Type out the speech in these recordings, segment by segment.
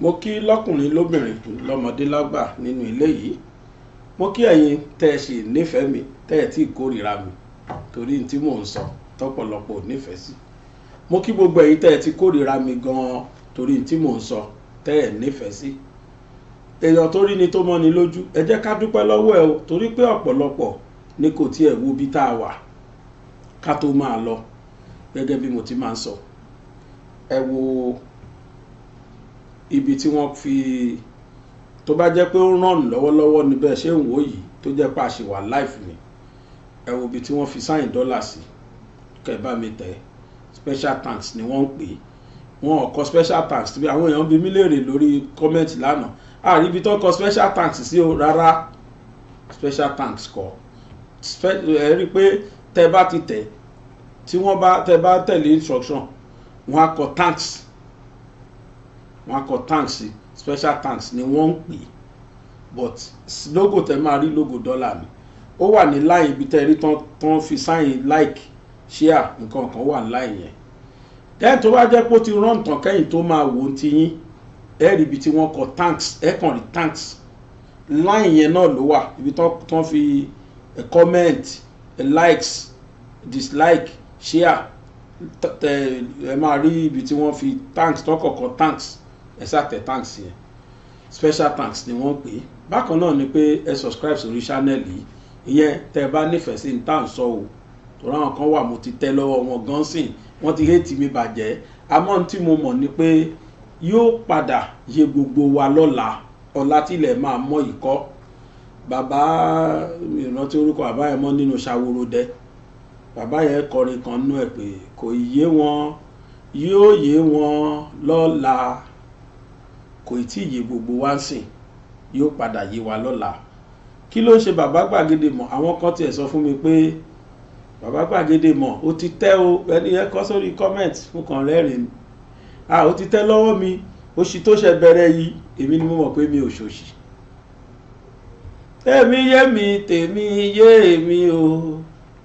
mo kí lọ́kùnrin lóbìnrin lọ́mọdé lágbà nínú ilé yìí mo kí ẹ̀yin tẹ́ ẹ sì nífẹ̀ẹ́ mi tẹ́ ẹ tí ì kórìíra mi torí tí mò ń sọ tọ́pọ̀lọpọ̀ nífẹ̀ẹ́ sí mo kí gbogbo ẹ̀yin tẹ́ ẹ ti kórìíra mi gan-an torí tí mò ń sọ tẹ́ ẹ nífẹ̀ẹ́ sí èèyàn tó rí ni tó mọ́ni lójú ẹ jẹ́ ká dúpẹ́ lọ́wọ́ ẹ o torí pé ọ̀pọ̀lọpọ̀ ni kò tiẹ̀ wo bí tá a wà ká tó máa lọ gẹ́gẹ́ bí mo ti máa ń sọ ẹ wo ibi tí wọ́n fi tó bá jẹ́ pé ó ràn lọ́wọ́lọ́wọ́ níbẹ̀ ṣé ń wò yìí tó jẹ́ pé àṣewà life ni ẹ wo ibi tí wọ́n fi sáyìn dọ́là sí kẹ́ bá mi tẹ̀ special thanks ni wọ́n ń pè é wọn ò kọ special thanks tí àwọn èèyàn bi mí léèrè lórí comment lánàá àrí ibi tó kọ special thanks sí o rárá special thanks kọ ẹ rí i pé tẹ bá ti tẹ tí wọ́n bá tẹ bá tẹ̀lé instruction wọ́n á kọ thanks wọ́n kọ tank special tanks ni wọ́n ń pè but logo tẹ máa rí logo dọ́là mi ó wà ní láì ibi tẹ́ rí tán fi sáyìn like share nǹkan kan wà láì yẹn tẹ́ẹ̀ tó bá jẹ́ pé ó ti rán tán kẹ́yìn tó máa wò ó ti yín ẹ rí ibi tí wọ́n kọ tanks ẹ kàn rí tanks láì yẹn náà ló wà ibi tán fi comment likes dislike share ẹ máa rí ibi tí wọ́n fi tanks tán kọ̀ọ̀kan tanks exact thanks yẹn special thanks ni wọ́n pè é bákan náà ni pé ẹ subscribe sórí channel yìí ìyẹn tẹ ẹ bá nífẹ̀ẹ́ sí ní tá à ń sọ o tòrọ àwọn kan wà mo ti tẹ lọ́wọ́ wọn gan sìn wọ́n ti rétí mi bàjẹ́ àmọ́ tí mo mọ̀ ni pé yóò padà yé gbogbo wa lọ́la ọ̀la tilẹ̀ máa mọ́ ìkọ́ bàbá ìrántí orúkọ bàbá yẹn mọ́ nínú ṣàwòròdẹ bàbá yẹn kọrin kan nú ẹ̀ pé kò yé wọn yóò yé wọn lọ́la kò tí ì yé gbogbo wa ń sìn yóò padà yé wa lọ́la kí ló ń ṣe bàbá gbàgede mọ̀ àwọn kan tiẹ̀ sọ fún mi pé bàbá gbàgede mọ̀ ó ti tẹ́ o ẹni yẹn kọ́ sórí comment mo kàn rẹ́rìn mi ah ó ti tẹ́ lọ́wọ́ mi oṣù tó ṣe bẹ̀rẹ̀ yìí èmi ni mo mọ̀ pé mi ò ṣòṣì tèmi yé mi tèmi yé mi o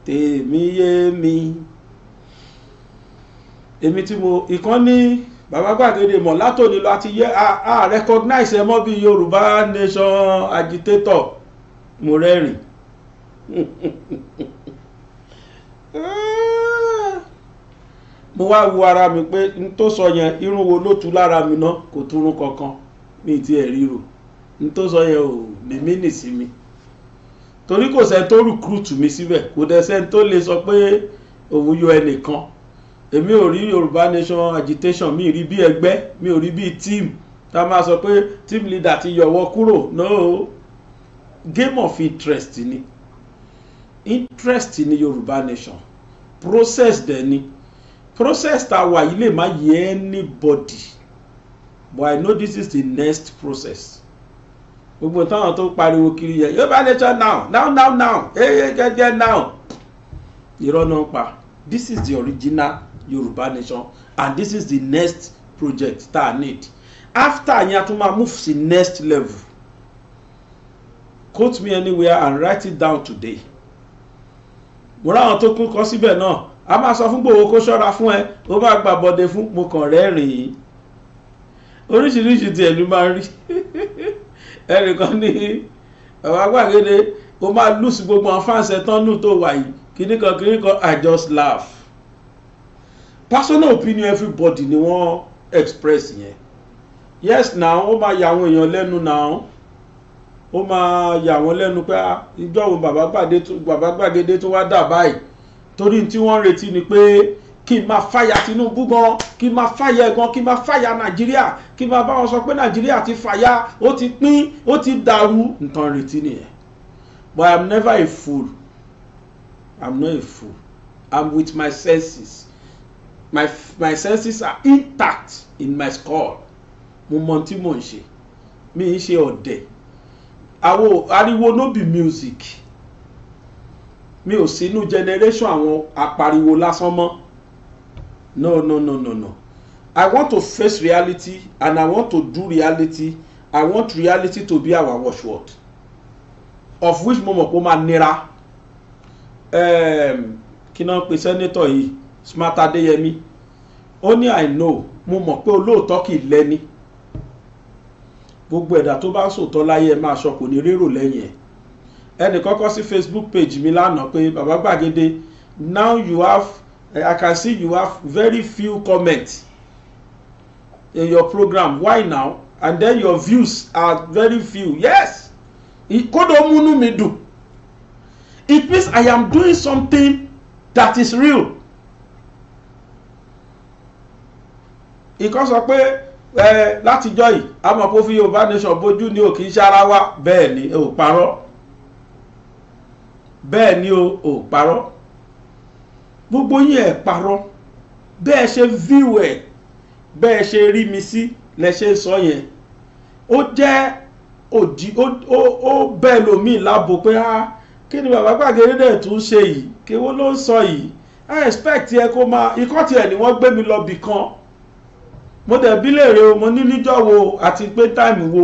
tèmi yé mi èmi tí mo ìkan ní. bàbá gbàgede mọ̀ látòní lọ àti yẹ a recognize ẹ mọ́ bí yorùbá nation agitator mo rẹ́rìn mo wá wo ara mi pé n tó sọ yẹn irun wo ló tu lára mi ná kò túrún kankan ní ti ẹ̀ ríro n tó sọ yẹn ò mímí nì sí mi torí kò sẹ́ni tó recruit mi síbẹ̀ kò dẹ̀ sẹ́ni tó lè sọ pé òun yọ ẹnìkan. èmi ò rí yorùbá nation agitation mi rí bí ẹgbẹ́ mi ò rí bí team tá a máa sọ pé team leader ti yọ̀wọ́ kúrò no game of interest ni interest ni yorùbá nation process dẹ̀ ni process tá wà yìí lè má yẹ anybody but i know this is the next process gbogbo táwọn tó pariwo kiri yẹn yorùbá nation now now now now eye jẹjẹ now irọ́ náà pa this is the original yorùbá nation and this is the next project tá a need after yẹn a tún máa move sí next level quote me anywhere and write it down today mo ráwọn tó kún kọ síbẹ̀ náà a máa sọ fún gbòòwò kó ṣọ́ra fún ẹ ó máa gbà bọ́dẹ fún mo kàn rẹ́rìn-ín oríṣiríṣi tiẹ̀ ló máa ń rí ẹnìkan ní bàbá gbàgede ó máa lùsì gbogbo àwọn fáǹsẹ̀ tán nù tó wà yìí kíníkan kíníkan i just laugh personal opinion everybody ni wọ́n express yẹn yes now ó máa yà àwọn èèyàn lẹ́nu now ó máa yà wọ́n lẹ́nu pé ìjọ ah, òun bàbá gbàgede tó wá dà báyìí torí tí wọ́n retí ni pé kí n máa fàyà Tinubu gan kí n máa fàyà gan kí n máa fàyà Nàìjíríà kí n máa bá wọn sọ pé Nàìjíríà ti fàyà ó ti pín ó ti dàrú nǹkan retí nìyẹn but I'm never a fool I'm not a fool I'm with my senses my my senses are intact in my skull mo mọ tí mò ń ṣe mi ń ṣe ọ̀dẹ̀ àwo ariwo no be music mi ò sínú generation àwọn apariwo lásán mọ́ no no no no no i want to face reality and i want to do reality i want reality to be our watchword of which mo mọ̀ pé ó máa nira um, kí náà pe sẹ́nitọ̀ yìí Smart Adéyẹmí ó ní I know mo mọ̀ pé olóòótọ́ kì í lẹ́ni gbogbo ẹ̀dá tó bá ń sòótọ́ láyé ẹ máa sọ kò ní rérò lẹ́yìn ẹ̀ ẹnì kọ́kọ́ sí Facebook page mi lánàá pé Baba gbàgede now you have I can see you have very few comments in your program why now and then your views are very few yes kódò múnú mi dùn it means I am doing something that is real ìkan sọ pé ẹ látijọ́ yìí àmọ́ kó fi yorùbá nation bójú ni ò kì í ṣára wá bẹ́ẹ̀ ni ò parọ́ bẹ́ẹ̀ ni ò parọ́ gbogbo yín ẹ̀ parọ́ bẹ́ẹ̀ ṣe fíw ẹ̀ bẹ́ẹ̀ ṣe rí mi sí lẹ ṣe ń sọ yẹn ó jẹ́ òdì ó bẹ́ẹ̀ lómi lábo pé á kí ni bàbá gbàgede dẹ̀ tún ṣe yìí kí wọ́n ló ń sọ yìí i expect ẹ kó máa ikọ́ tiẹ̀ ni wọ́n gbé mi lọ bì mo dẹ̀ bí léèrè o mo ní níjọ́ wo àti pé táìmù wo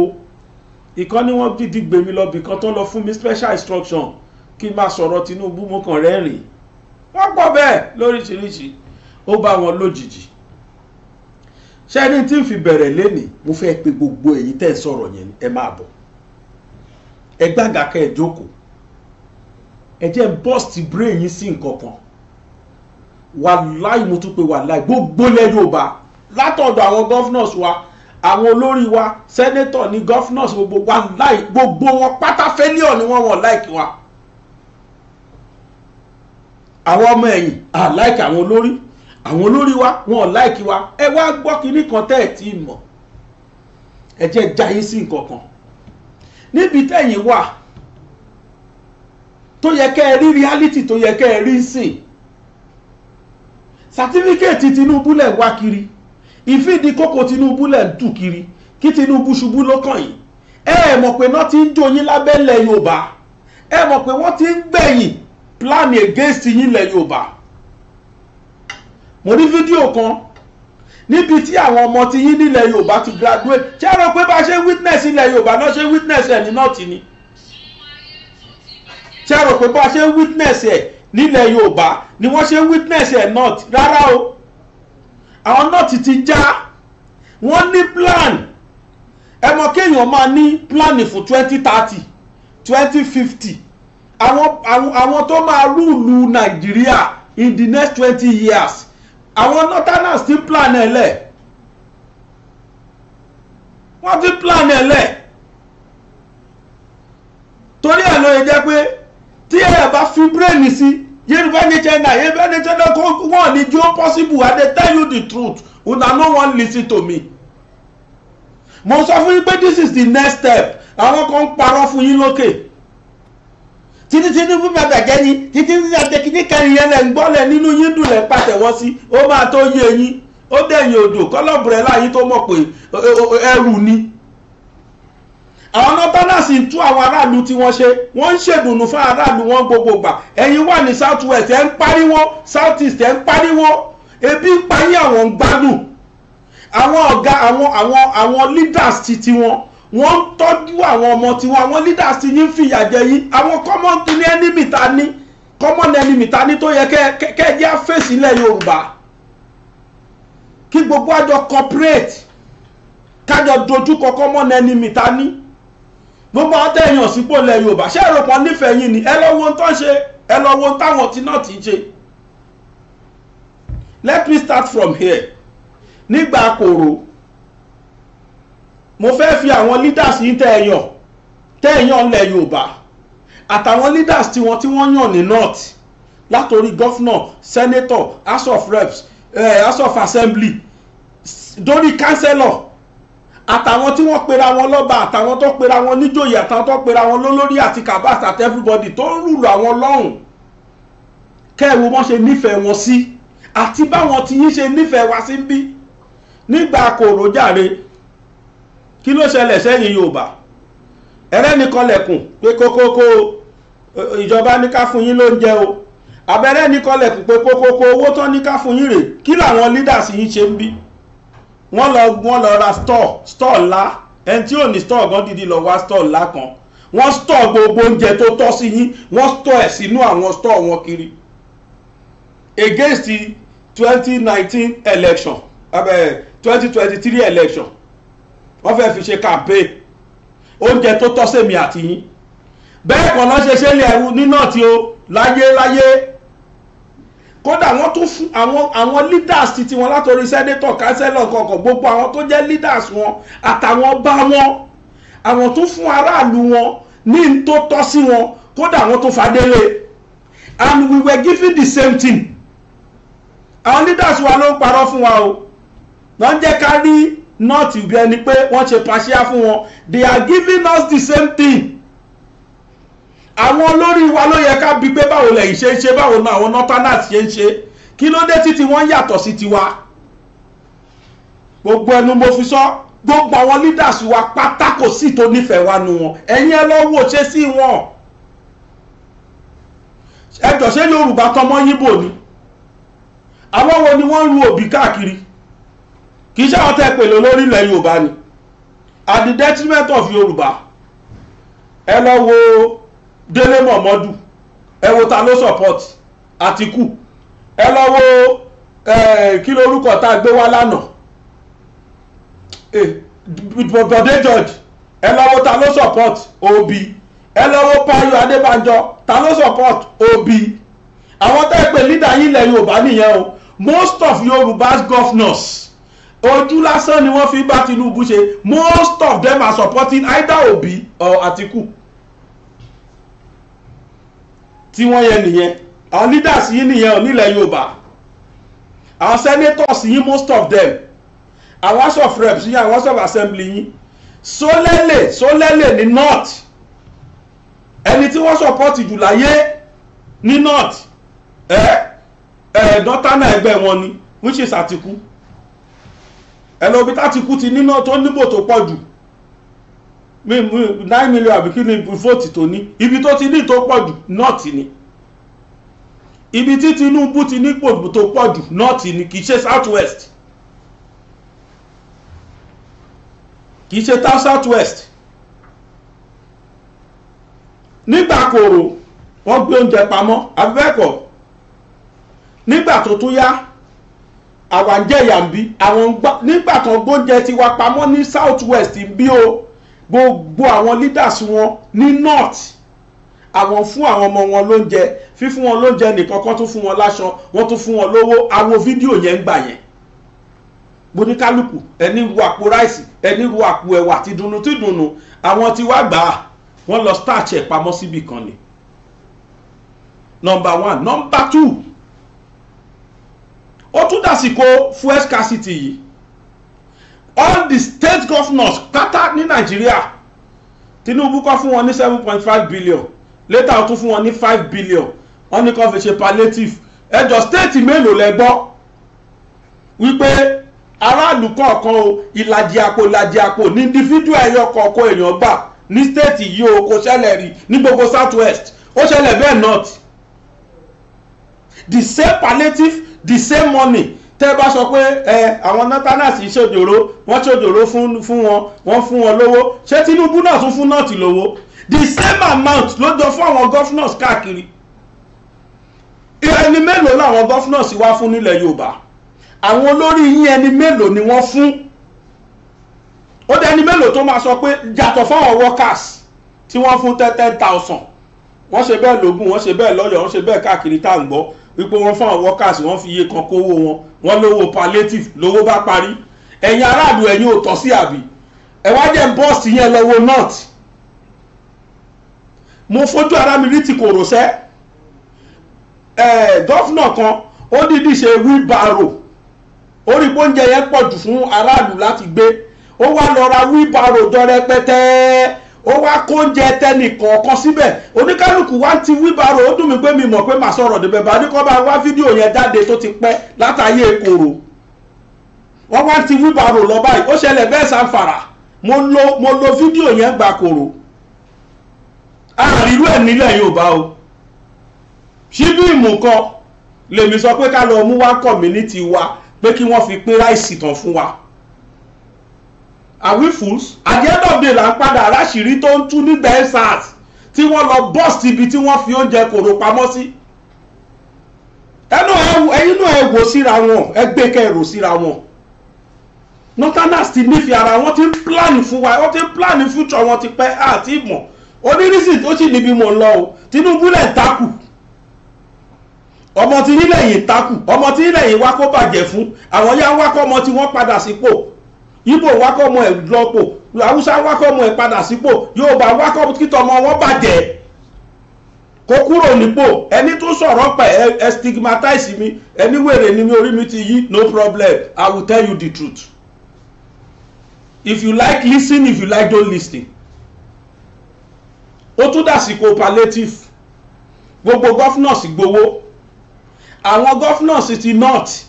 ìkan ni wọ́n dìdí gbé mi lọ bìkan tó lọ fún mi special instruction kí n máa sọ̀rọ̀ Tinubu mo kàn rẹ́rìn wọ́n pọ̀ bẹ́ẹ̀ lóríṣiríṣi ó bá wọn lójijì ṣẹ́ni tí ń fi bẹ̀rẹ̀ lénìí mo fẹ́ pe gbogbo ẹ̀yin tẹ́ ẹ sọ̀rọ̀ yẹn ẹ máa bọ̀ ẹ gbàgà kẹ́ ẹ jókòó ẹ jẹ́ bust brain yín sí nǹkan kan wàláì mo tún pe wàláì gbogbo lẹ́ Yorùbá látọ̀dọ̀ àwọn governors wa àwọn olórí wa senator ni governors gbogbo wa láì gbogbo wọn pátá failure ni wọ́n wọ̀n láìkí wa àwọn ọmọ ẹ̀yìn à láìkí àwọn olórí àwọn olórí wa wọ́n láìkí wa ẹ wá gbọ́ kinní kan tẹ́ ẹ̀ tí mọ̀ ẹ jẹ́ jayé sí nǹkan kan níbi tẹ́yìn wà tó yẹ kẹ́ ẹ rí reality tó yẹ kẹ́ ẹ rí sìn sàtífíkẹ́ẹ̀tì Tinubu lẹ̀ wá kiri ìfíìdí kókò Tinubu lẹ̀ ń tù kiri kí Tinubu ṣubú lọ́kàn yìí ẹ ẹ mọ̀ pé náà ti ń jó yín lábẹ́lẹ̀ Yorùbá ẹ mọ̀ pé wọ́n ti ń gbẹ̀yìn plan against yín lẹ̀ Yorùbá mo rí fídíò kan níbi tí àwọn ọmọ ti yín nílẹ̀ Yorùbá ti graduate ṣé ẹ rò pé bá a ṣe witness ilẹ̀ Yorùbá náà ṣe witness ẹ̀ ní nọ́ọ̀tì ni ṣé ẹ rò pé bá a ṣe witness ẹ̀ nílẹ̀ Yorùbá ni wọ́n ṣe witness ẹ̀ north rárá o àwọn nọ́ọ̀tì ti já wọ́n ní plan ẹ mọ̀ kéèyàn máa ní plan fún twenty thirty twenty fifty àwọn àwọn tó máa rúùlù nàìjíríà in the next twenty years àwọn northerners ti plan ẹ̀ lẹ̀ wọ́n ti plan ẹ̀ lẹ̀ torí ẹ̀ ló yẹ jẹ́ pé tí ẹ̀ bá fi brain sí. Si, Yoruba nation na Yoruba nation na kò wọn ni jó possible I dey tell you the truth una no wan listen to me. mo sọ fún yín pé this is the next step àwọn kan ń parọ́ fún yín lókè títí Tinubu máa bàjẹ́ ni títí ní àtẹkíní kẹrin yẹn lẹ̀ ń gbọ́lẹ̀ nínú yín dùn lẹ̀ pàtẹ́wọ́ sí ó máa tó yé yín ó dẹ̀yìn odò kọ́lọ́bùrẹ́lá yín tó mọ̀ pé ẹrù ni àwọn northerners sì ń tú àwọn aráàlú tí wọ́n ṣe wọ́n ń ṣèdùnnú fún aráàlú wọn gbogbo gbà ẹ̀yin wà ní south west ẹ̀ ń pariwo south east ẹ̀ ń pariwo ebi ń pa yín àwọn ń gbádùn àwọn ọ̀gá àwọn àwọn àwọn leaders ti tiwọn wọ́n ń tọ́jú àwọn ọmọ tiwọn àwọn leaders ti yín fìyà jẹ yín àwọn common ní enemy ta ní common enemy ta ní tó yẹ kẹ́ẹ̀ jẹ́ fèsì ilẹ̀ yorùbá kí gbogbo àjọ corporate kájọ dojúkọ common enemy ta ní gbogbo àwọn tẹ̀yàn sípò lẹ̀ yorùbá ṣé èrò kan nífẹ̀ẹ́ yín ni ẹ lọ wo tán ṣe ẹ lọ wo táwọn tí náà ti ṣe let me start from here nígbà kòrò mo fẹ́ fi àwọn leaders yín tẹ̀yàn tẹ̀yàn lẹ̀ yorùbá àtàwọn leaders tiwọn tí wọ́n yàn ní north látòrí Governor, senator house of reps eh, house of assembly dórí councillor àtàwọn tí wọ́n pera wọn lọ́ba àtàwọn tó pera wọn níjòyè àtàwọn tó pera wọn lólórí àti kabas àti everybody tó ń rùlù àwọn lọ́hùn kẹ́ẹ̀wò wọ́n ṣe nífẹ̀ẹ́ wọn sí àti báwọn ti yín ṣe nífẹ̀ẹ́ wa sí ń bí nígbà kòrò jàre kí ló ṣẹlẹ̀ sẹ́yìn Yorùbá ẹ̀rẹ́ nìkan lẹ̀kùn pé kókókó ìjọba ní ká fún yín lóúnjẹ o abẹ́rẹ́ nìkan lẹ̀kùn pé kókókó owó tán ní ká fún yín rè kí làwọn leaders yín ṣe ń bí wọ́n lọ wọ́n lọ ra store store ńlá ẹni tí ò ní store gan dídí lọ wá store ńlá kan wọ́n store gbogbo oúnjẹ tó tọ́ sí yín wọ́n store ẹ̀ sínú àwọn store wọn kiri against the twenty nineteen election twenty twenty three election wọ́n fẹ́ fi ṣe campaign oúnjẹ tó tọ́ sèmi àti yín bẹ́ẹ̀ kọ́ lọ́ ṣe ṣe ilé ẹ̀rú nínà tí láyé láyé kódà wọ́n tún fún àwọn àwọn leaders ti tiwọn látọrí sẹ́nẹ́tọ̀ kánsẹ́lọ̀ kọ̀ọ̀kan gbogbo àwọn tó jẹ́ leaders wọn àtàwọn ọba wọn àwọn tó fún aráàlú wọn ní n tó tọ́ sí wọn kódà wọ́n tún fadélé and we were given the same thing àwọn leaders wa ló ń parọ́ fún wa o wọ́n jẹ́ ká rí nọ́ọ̀tì bí ẹni pé wọ́n ṣe pàṣẹ fún wọn they are giving us the same thing àwọn olórí wa ló yẹ ká bi pé báwo lẹ́yìn ṣe ń ṣe báwo náà àwọn northerners ṣe ń ṣe kí ló dé títí wọ́n yàtọ̀ sí tiwa gbogbo ẹnu mo fi sọ gbogbo àwọn leaders wa pátá kò sí tó nífẹ̀ẹ́ wa nu wọn ẹ̀yin ẹ lọ wò ṣe sí wọn ẹjọ́ ṣé Yorùbá tọmọ yíbò ni àwọn wo ni wọ́n ru òbí káàkiri kì í ṣe àwọn tẹ́ pè lórí ilẹ̀ Yorùbá ni at the detriment of Yorùbá ẹ lọ wo délé mọ̀mọ́dù ẹ wo ta ló support àtìkù ẹ lọ wo kí lorúkọ tá a gbé wá lánàá eh, bọ̀dé george ẹ lọ wo ta ló support obi ẹ lọ wo payo adébánjọ ta ló support obi àwọn tá ẹ pè lídà yín ilẹ̀ yorùbá nìyẹn o most of yorùbá's governors ojú lásán ni wọ́n fi bá tinubu ṣe most of them are supporting either obi or atiku tí wọ́n yẹ nìyẹn àwọn leaders yìí nìyẹn nílẹ̀ Yorùbá àwọn senators yìí most of them àwọn house of reps yìí àwọn house of assembly yìí sólẹ́lẹ̀ sólẹ́lẹ̀ ní north ẹni tí wọ́n support jù láyé ní north ẹ ẹ dọ́tánà ẹgbẹ́ wọn ni which is Àtìkú ẹ lọ bí tÁtìkú ti ní north tó níbò tó pọ̀ jù nine million àbí kí ni vote tó ní ibi tó ti ní tó pọ̀ jù nọ́ọ̀tì ni ibi tí Tinubu ti nípò tó pọ̀ jù nọ́ọ̀tì ni kì í ṣe south west kì í ṣe south west nígbà kòrò wọ́n gbé oúnjẹ pamọ́ abẹ́ẹ̀kọ́ nígbà tó tún yá àwọn jẹ̀yà ń bí àwọn nígbà tó gbóúnjẹ tiwa pamọ́ ní south west ń bí o gbogbo àwọn leaders wọn ní north àwọn fún àwọn ọmọ wọn lóúnjẹ fífún wọn lóúnjẹ nìkan kan tún fún wọn láṣọ wọn tún fún wọn lówó àwọn fídíò yẹn ń gbà yẹn boníkálùkù ẹni ru àpò ráìsì ẹni ru àpò ẹ̀wà ti dùnnú ti dùnnú àwọn tí wàá gbà á wọ́n lọ starch ẹ̀ pamọ́ síbi kan ni number one number two ó tún dàsìkò fuel scarcity yìí all the state governors pátá ní nàìjíríà tinubu kọ́ fún wọn ní seven point five billion later ó tún fún wọn ní five billion wọ́n ní kó fi ṣe palliative ẹjọ́ state mélòó lẹ gbọ́ wípé aráàlú kọ̀ọ̀kan o ìlàjì àpò ìlàjì àpò ní individual ẹ̀yọ kọ̀ọ̀kan èèyàn gbà ní state yìí o kò ṣẹlẹ̀ rí ní gbogbo south west ó ṣẹlẹ̀ bẹ́ẹ̀ north the same palliative the same money tẹ́ bá sọ pé ẹ àwọn natanas yìí ṣòjòrò wọ́n ṣòjòrò fún fún wọn wọ́n fún wọn lówó ṣé Tinubu náà tún fún nọ́ọ̀tì lówó the same amount ló jọ fún àwọn governors káàkiri ẹni mélòó làwọn governors wá fún nílẹ̀ Yorùbá àwọn olórí yín ẹni mélòó ni wọ́n fún ó dẹni mélòó tó máa sọ pé yàtọ̀ fáwọn workers tí wọ́n fún ten ten thousand wọ́n ṣe bẹ́ẹ̀ lógún wọ́n ṣe bẹ́ẹ̀ lọ́yọ̀ wọ́n ṣe bẹ́ẹ̀ káàkiri tá à ń gbọ́ wípé wọ́n fún àwọn workers wọ́n fi iye kan kówó wọn wọ́n lówó palliative lówó bá parí ẹ̀yin aráàlú ẹ̀yin ò tọ́ sí àbí ẹ wá jẹ́ bọ́ọ̀sì yẹn lọ́wọ́ north mo fojú ara mi rí ti kòrò sẹ́ gọ́fúnà kan ó dídí ṣe wheelbarrow ó rí bóúnjẹ yẹn pọ̀ jù fún aráàlú láti gbé ó wá lọ ra wheelbarrow jọ rẹpẹtẹ ó wá kó jẹ tẹnì kọ̀ọ̀kan síbẹ̀ oníkálukú wá ti wíbaro ó dùn mí pé mi mọ̀ pé màá sọ̀rọ̀ débẹ̀ bá ní kó bá wá fídíò yẹn jáde tó ti pẹ́ látàyè kòrò wọ́n wá ti wíbaro lọ báyìí ó ṣẹlẹ̀ bẹ́ẹ̀ sanfara mo lo mo lo fídíò yẹn gba kòrò àrírú ẹ̀ nílẹ̀ Yorùbá o ṣíbí ìmùkọ lèmi sọ pé ká lọ mú wá community wa pé kí wọ́n fi pín ráìsì tán fún wa. Are we fools at the end of the day là ń padà aráṣìírí tó ń tú nígbà ensars tí wọ́n lọ bọ́ọ̀sì ibi tí wọ́n fi oúnjẹ kòrò pamọ́ sí ẹnu ẹyin náà ẹ wò síra wọn ẹ gbé kẹrò síra wọn northerners ti nífẹ̀ẹ́ ara wọn ti ń plan fún wa wọ́n ti ń plan future wọn ti pẹ́ àti ìmọ̀ onírísì tó sì níbi mọ̀ lọ o Tinubu lẹ̀ ń takù ọmọ tí nílẹ̀ yìí takù ọmọ tí nílẹ̀ yìí wá kó bàjẹ́ fún àwọn yá ń wá kọ́ ọmọ tí wọ́n padà sípò ibo wákọ̀ ọmọ ẹ̀ lọ́pọ̀ haúsá wákọ̀ ọmọ ẹ̀ padà sípò yorùbá wákọ̀ kíta ọmọ wọn bàjẹ́ kó kúrò nípò ẹni tó sọ̀rọ̀ pẹ̀ ẹ stigmatize mi ẹni wèrè ni mi orí mi ti yí no problem i will tell you the truth if you like listen if you like don't listen ó tún dàsìkò palliative gbogbo gọ́fúnọ̀sì gbowó àwọn gọ́fúnọ̀sì ti north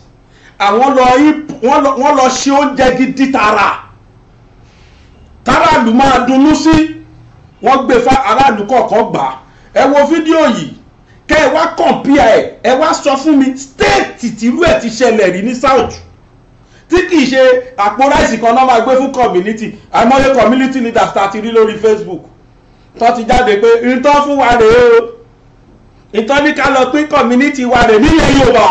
àwọn lọ wọ́n lọ ṣe oúnjẹ gidi tààrà tààràlù máa dunnú sí wọ́n gbé fa aráàlú kọ̀ọ̀kan gbà ẹ wo fídíò yìí kẹ́ ẹ wá kọ̀ǹpìà ẹ̀ ẹ wá sọ fún mi stéètì tìrú ẹ̀ ti ṣẹlẹ̀ rí ní south tí kì í ṣe àpò ráìsì kan náà máa gbé fún community àìmọye community leaders ta ti rí lórí facebook tó ti jáde pé ìtọ́ fún wa rèé o ìtọ́ ní ká lọ pín community wa rèé nílẹ̀ yorùbá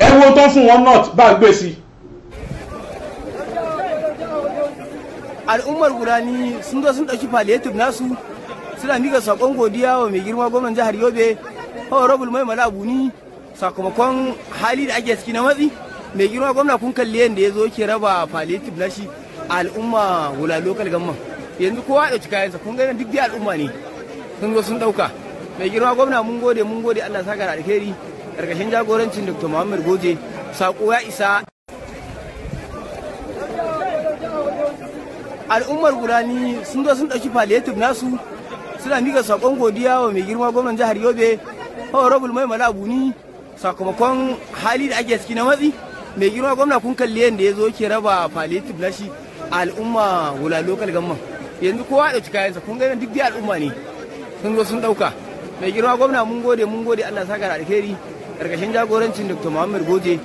ẹ wo tó fún wọn north bá gbé sí. al'ummar gurani sun zo sun ɗauki na nasu suna miƙa sakon godiya wa mai girma gwamnan jihar yobe honorable mai mala abuni sakamakon hali da ake ciki na matsi mai girma gwamna kun kalli yadda ya zo ke raba palliative na shi al'umma wula local gamman yanzu kowa ya ɗauki kayansa kun gani duk dai al'umma ne sun zo sun ɗauka mai girma gwamna mun gode mun gode allah saka da alheri ƙarƙashin jagorancin dr muhammad goje sako ya isa al'ummar gurani sun zo sun ɗauki palliative nasu suna mika sakon godiya wa mai girma gwamnan jihar yobe honorable mai malabuni sakamakon hali da ake ciki na matsi mai girma gwamna kun kalli yadda ya zo ke raba palliative nashi a al'umma wula local gamman yanzu kowa da cika yansa kun gani duk dai al'umma ne sun zo sun ɗauka mai girma gwamna mun gode mun gode allah saka da alheri ƙarƙashin jagorancin dr muhammad goje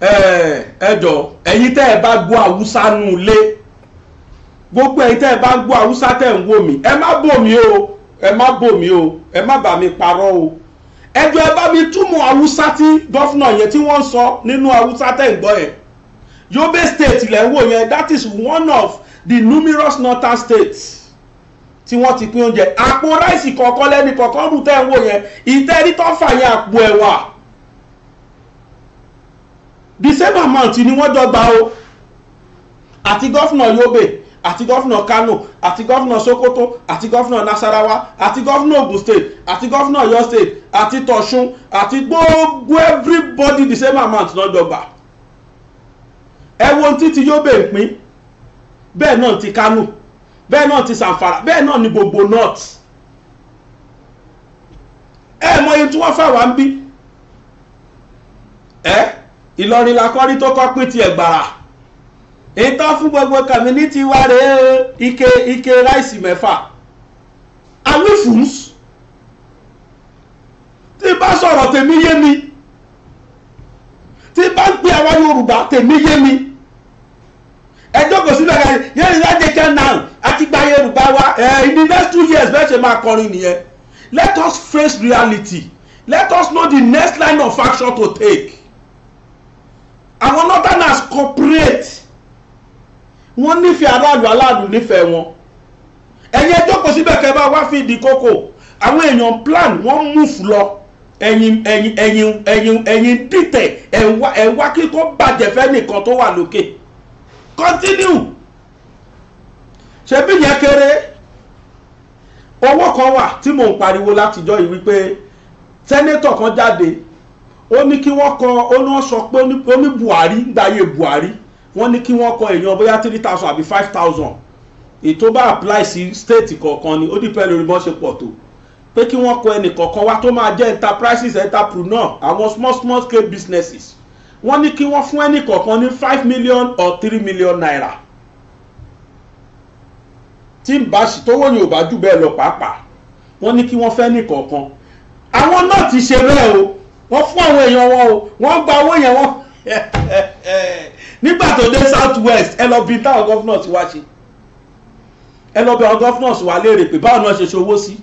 ẹ jọ ẹ̀yin tẹ́ ẹ bá gbọ́ haúsá nù lé gbogbo ẹ̀yin tẹ́ ẹ bá gbọ́ haúsá tẹ́ ń wò mí ẹ má bò mí o ẹ má bò mí o ẹ má bà mí parọ́ o ẹ ẹ bá mi túmọ̀ haúsá tí gọ́fúnà yẹn tí wọ́n sọ nínú haúsá tẹ́ ń gbọ́ yẹn Yobe state ilẹ̀ wò yẹn that is one of the numerous northern states tí wọ́n ti pín oúnjẹ àpò ráìsì kọ̀ọ̀kan lẹ́nu kọ̀ọ̀kan rú tẹ́ ń wò yẹn ìtẹ́rí tó fà yẹn àpò ẹ̀wà december month ni wọ́n dọ́gba o àti gọ́fìnà yobe àti gọ́fìnà kano àti gọ́fìnà sokoto àti gọ́fìnà nasarawa àti gọ́fìnà ogun state àti gọ́fìnà ọ̀yọ́ state àti tọ̀ṣun àti gbogbo everybody december month náà dọ́gba ẹ wo ohun tí ti yobe ń pín bẹ́ẹ̀ náà ti kano bẹ́ẹ̀ náà ti sanfara bẹ́ẹ̀ náà ni gbogbo north ẹ mọ iye tí wọ́n fà wá ń bí ẹ. Eh? ìlọrin lakọ́rí tó kọ́ pín tiẹ̀ gbàrà ìtọ́ fún gbogbo community wa rèé ike ike ráìsì mẹ́fà awífùs tí bá sọ̀rọ̀ tèmi yé mi tí bá ń pè àwa yorùbá tèmi yé mi ẹjọ́ kò sílẹ̀ ẹ̀ yẹ́nì láti kẹ́ náà àti gba yorùbá wa in the next two years bẹ́ẹ̀ ṣe máa kọrin nìyẹn let us face reality let us know the next line of action to take àwọn northerners corporate wọ́n nífẹ̀ẹ́ aráàlú aláàlú nífẹ̀ẹ́ wọn ẹ̀yin ẹjọ́ kò síbẹ̀ kẹ́ bá wá fi ìdí kókò àwọn èèyàn plan wọ́n múfù lọ ẹ̀yin ẹ̀yin ẹ̀yin ẹ̀yin ẹ̀yin dìtẹ̀ ẹ̀wá ẹ̀wá kíkọ́ bàjẹ́ fẹ́ nìkan tó wà lókè continue ṣebí yẹn kéré owó kan wà tí mò ń pariwo látijọ́ yìí wípé sẹ́nétọ̀ kan jáde ó ní kí wọ́n kọ ó ní wọ́n sọ pé ó ní Buhari gbàyè Buhari wọ́n ní kí wọ́n kọ èèyàn bóyá three thousand àbí five thousand ètò bá apply sí state kọ̀ọ̀kan ni ó dìpẹ́ lórí bọ́n ṣe pọ̀ tó pé kí wọ́n kọ ẹnì kọ̀ọ̀kan wá tó máa jẹ́ enterprises entrepreneur àwọn small small scale businesses wọ́n ní kí wọ́n fún ẹnì kọ̀ọ̀kan ní five million or three million naira tí ń bá sì tówó yìí ò bá jù bẹ́ẹ̀ lọ pàápàá wọ́n ní kí wọ́n fẹ́ ní kọ̀ọ̀kan àwọn náà ti ṣe bẹ́ẹ̀ o wọ́n fún àwọn èèyàn wọn o wọ́n gba owó yẹn wọ́n nígbà tó dé south west ẹ lọ bí táwọn gọ́fúnà ti wá ṣe ẹ lọ bí àwọn gọ́fúnà ti wá léèrè pé báwọn náà ṣe ṣe owó sí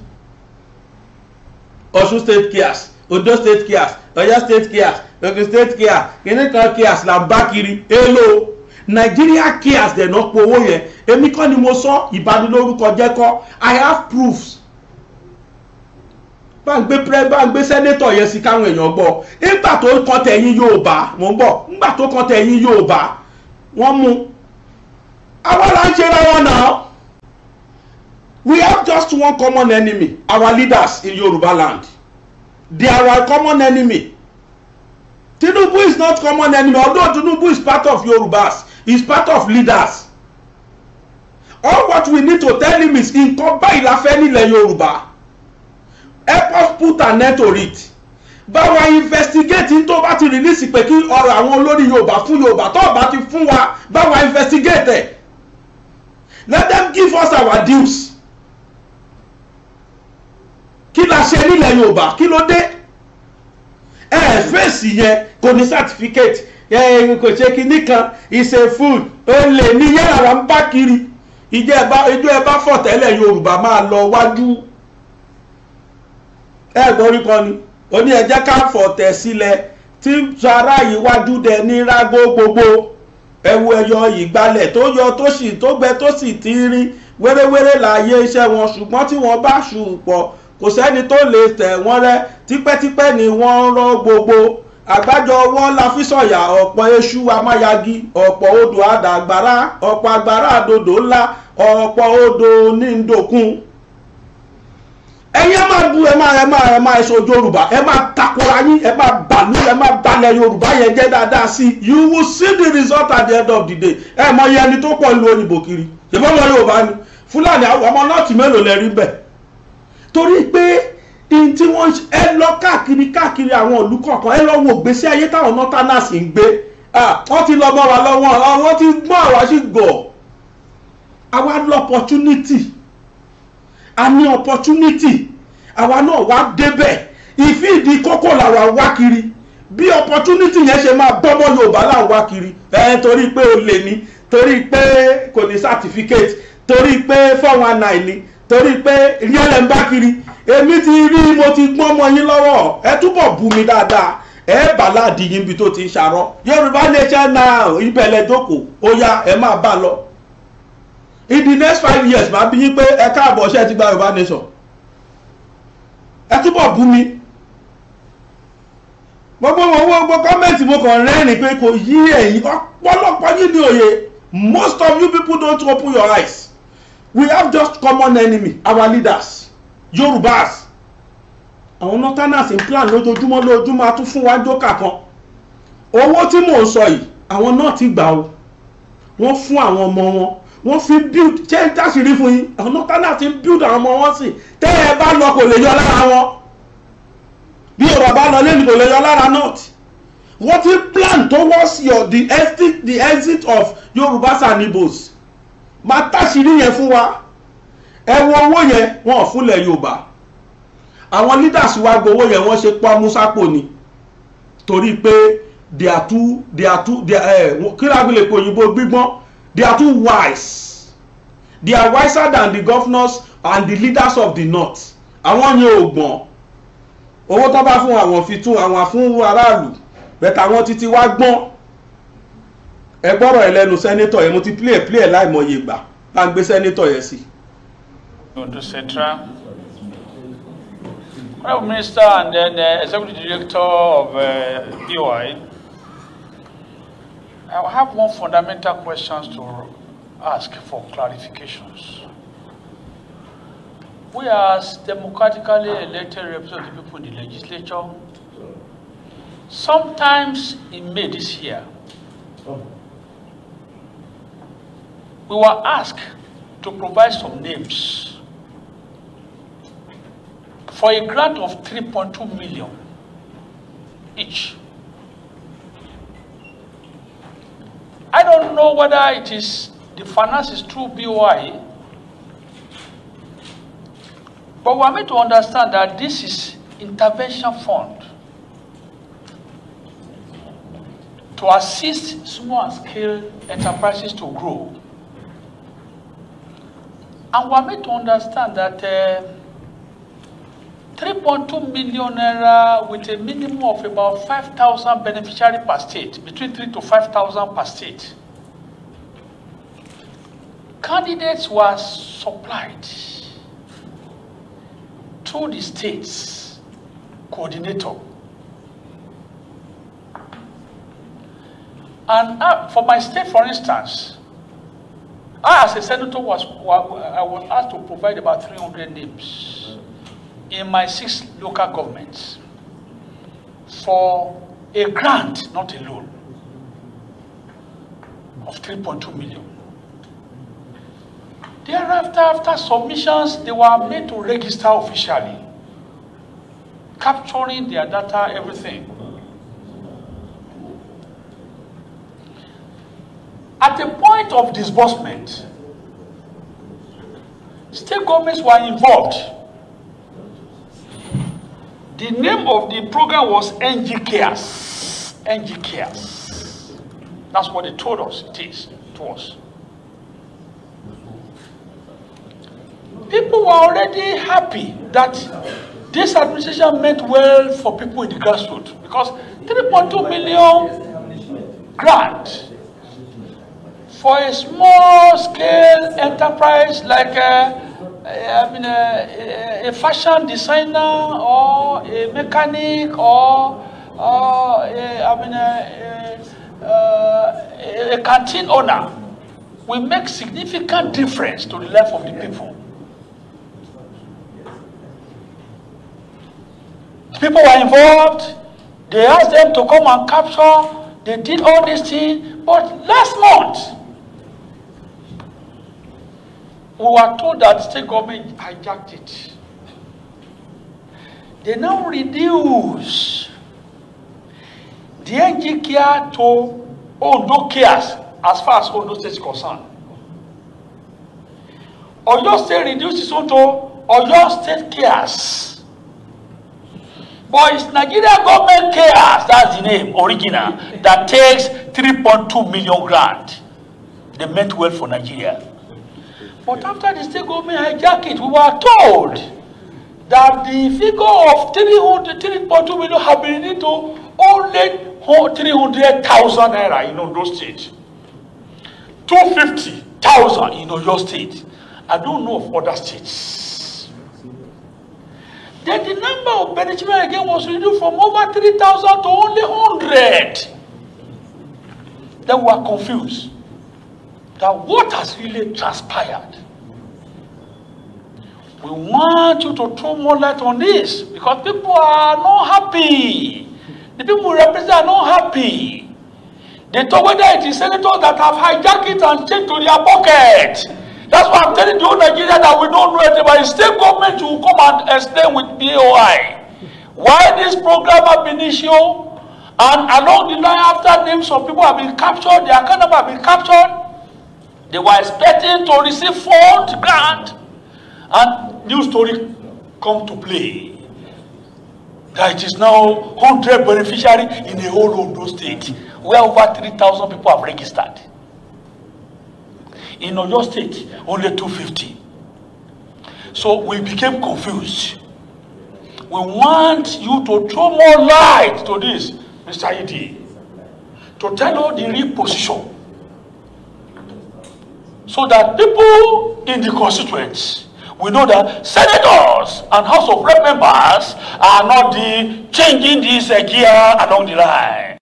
Ọ̀ṣun state chaos Ondo state chaos Ọ̀yọ́ state chaos Ogun state chaos kìnnìkan chaos là ń bá kiri èlò Nigeria chaos dẹ̀ náà po owó yẹn èmi kọ́ ni mo sọ ìbanilórúkọ jẹ́ kọ́ I have proofs bá ń gbé pírẹ́ bá ń gbé sẹ́nétọ̀ yẹn sí káwọn èèyàn gbọ́ nígbà tó kàn tẹ̀yìn Yorùbá mò ń bọ̀ nígbà tó kàn tẹ̀yìn Yorùbá wọ́n mú àwọn là ń ṣe ra wọn náà we have just one common enemy our leaders in Yoruba land they are our common enemy Tinubu is not common enemy although Tinubu is part of Yorubas, he is part of leaders all what we need to tell him is nǹkan báyìí la fẹ́ nílẹ̀ Yorùbá help us put an net to it báwa investigate tó bá ti release pé kí ọ̀rọ̀ àwọn olórí yorùbá fún yorùbá tó bá ti fún wa báwa investigate ẹ̀ let them give us our dues kí la ṣe nílẹ̀ yorùbá kí ló dé ẹ ẹ fèsì yẹn kò ní certificate ẹ kò ṣe kinní kan ìṣe food ó lè ní yàrá ń bá kiri ìjọ ẹ bá fọ̀ tẹ́lẹ̀ yorùbá máa lọ wájú ẹ̀gbọ́n orí kan ni ó ní ẹ jẹ́ ká fọ̀tẹ̀ sílẹ̀ tí sara yìí wájú dẹ ní rágó gbogbo ẹwu ẹyọ ìgbálẹ̀ tó yọ tó sì tó gbẹ tó sì ti rí wẹ́rẹ́wẹ́rẹ́ láàyè iṣẹ́ wọn ṣùgbọ́n tí wọ́n bá ṣù pọ̀ kò sẹ́ni tó lè tẹ̀ wọ́n rẹ́ tipẹ́tipẹ́ ni wọ́n ń rọ́ gbogbo àgbájọ ọwọ́ la fi sọ̀yà ọ̀pọ̀ eṣú amáyagi ọ̀pọ̀ odò àdàgbàrá ọ̀pọ̀ àgbàrá àdòdò ńlá ọ̀pọ̀ odò oníndòkun ẹ̀yin ẹ máa bu ẹ máa ẹ máa ẹ máa ẹsọ yorùbá ẹ máa takora yín ẹ máa bàlú ẹ máa balẹ̀ yorùbá yẹn jẹ́ dáadáa sí you will see the result at the end of the day ẹ mọ iye ẹni tó pọ̀ lu òyìnbó kiri ìbọn lọ yorùbá ni fúlàní ọmọ nọ́ọ̀tì mélòó lẹ rí bẹ́ẹ̀ torí pé n tí wọ́n ẹ lọ káàkiri káàkiri àwọn ìlú kọ̀ọ̀kan ẹ lọ wo gbèsè ayé táwọn northerners ń gbé wọ́n ti lọ bọ́ wa lọ́wọ́ wọ́n ti gbọ́ àwa sí gọ̀ àwa lọ opportunity a ní opportunity àwa náà wá débẹ̀ ìfíìdí kókó làwa wá kiri bí opportunity yẹn ṣe máa bọ́mọ́ Yorùbá là ń wá kiri ẹ̀ torí pé o lè ní torí pé kò ní certificate torí pé four one nine ni torí pé ìyẹn lẹ́ ń bá kiri èmi ti rí mo ti gbọ́n mọ́ yín lọ́wọ́ ẹ túbọ̀ bù mí dáadáa ẹ bàlá àdìyìn ibi tó ti ń ṣàrọ̀ Yorùbá nation now ìbẹ̀lẹ̀ dọ́kọ̀ ó yá ẹ máa bá lọ in the next five years màá bí yín pé ẹ káàbọ̀ ṣe ti gba Yorùbá nation ẹ túbọ̀ bú mi gbogbo owó gbogbo kọ́mẹ̀ntì mo kàn rẹ́rìn pé kò yí ẹ̀yìn ọ̀pọ̀lọpọ̀ yín ní òye most of you people don't open your eyes we have just common enemy our leaders Yorùbás àwọn northerners ń plan lójoojúmọ́ lójoojúmọ́ a tún fún wa jókà kan owó tí mò ń sọ yìí àwọn náà ti gbà o wọ́n fún àwọn ọmọ wọn wọ́n fi build chanters rí fún yín àwọn northerners ti build àwọn ọmọ wọn sí tẹ́ ẹ bá lọ kò lè yọ lára wọn bí yorùbá bá lọ lẹ́nu kò lè yọ lára north wọ́n ti plan towards your the exit the exit of yorùbá and igbos máa táṣìírí yẹn fún wa ẹ wo owó yẹn wọn ò fúnlẹ̀ yorùbá àwọn leaders wa gbowó yẹn wọ́n ṣe pọ́ musapo ni torí pé they are too they are too they are eh, kí lágbélé pé òyìnbó gbígbọ́n They are too wise. They are wiser than the governors and the leaders of the north. Àwọn yẹn ò gbọ́n. Owó tó bá fún àwọn fi tún àwọn fún aráàlú. Bẹ̀tà àwọn títí wá gbọ́n. Ẹ gbọ́rọ̀ ẹ lẹ́nu sẹ́nétọ̀ yẹn mo ti play play láìmọye ìgbà. Bá ń gbé sẹ́nétọ̀ yẹn sí. Odò Setra. Prime Minister and then uh, Executive Director of uh, DY. I have one fundamental question to ask for clarifications. We as democratically elected representatives of the people in the legislature, sometimes in May this year, we were asked to provide some names for a grant of 3.2 million each know whether it is the finance is through BOI, but we are made to understand that this is intervention fund to assist small and scale enterprises to grow. And we are made to understand that uh, eh, 3.2 million naira with a minimum of about 5,000 beneficiary per state, between 3 to 5,000 per state candidates were supplied to the state's coordinator. And uh, for my state, for instance, I as a senator was, I was asked to provide about 300 names in my six local governments for a grant, not a loan, of 3.2 million. Thereafter, after submissions, they were made to register officially, capturing their data, everything. At the point of disbursement, state governments were involved. The name of the program was NGKS. NGKS. That's what they told us it is to us. people were already happy that this administration meant well for people in the grassroots because 3.2 million grant for a small scale enterprise like a, I mean a, a, fashion designer or a mechanic or, or a, I mean a, a, uh, a canteen owner will make significant difference to the life of the people. People were involved. They asked them to come and capture. They did all these things. But last month, we were told that state government hijacked it. They now reduce the NG care to Ondo cares as far as Ondo state is concerned. Oyo state reduces Ondo, Oyo state cares. But it's Nigeria government chaos, that's the name, original, that takes 3.2 million grand. They meant well for Nigeria. But after the state government hijacked it, we were told that the figure of 3.2 million had been into only 300,000 naira in Ondo State. 250,000 in Oyo State. I don't know of other states that the number of beneficiaries again was reduced from over 3,000 to only 100. Then we are confused that what has really transpired. We want you to throw more light on this because people are not happy. The people we represent are not happy. They talk whether it is senators that have hijacked it and changed to their pocket. That's why I'm telling you, Nigeria, that we don't know anything, but state government will come and explain with BOI. Why this program been issued And along the line, after names of people have been captured, their account number have been captured, they were expecting to receive fourth grant, and new story come to play. That it is now 100 beneficiary in the whole Ondo state, where over 3,000 people have registered. In Oyo State, only 250. So we became confused. We want you to throw more light to this, Mr. E.D., to tell all the real position so that people in the constituents we know that senators and house of rep members are not the changing this gear along the line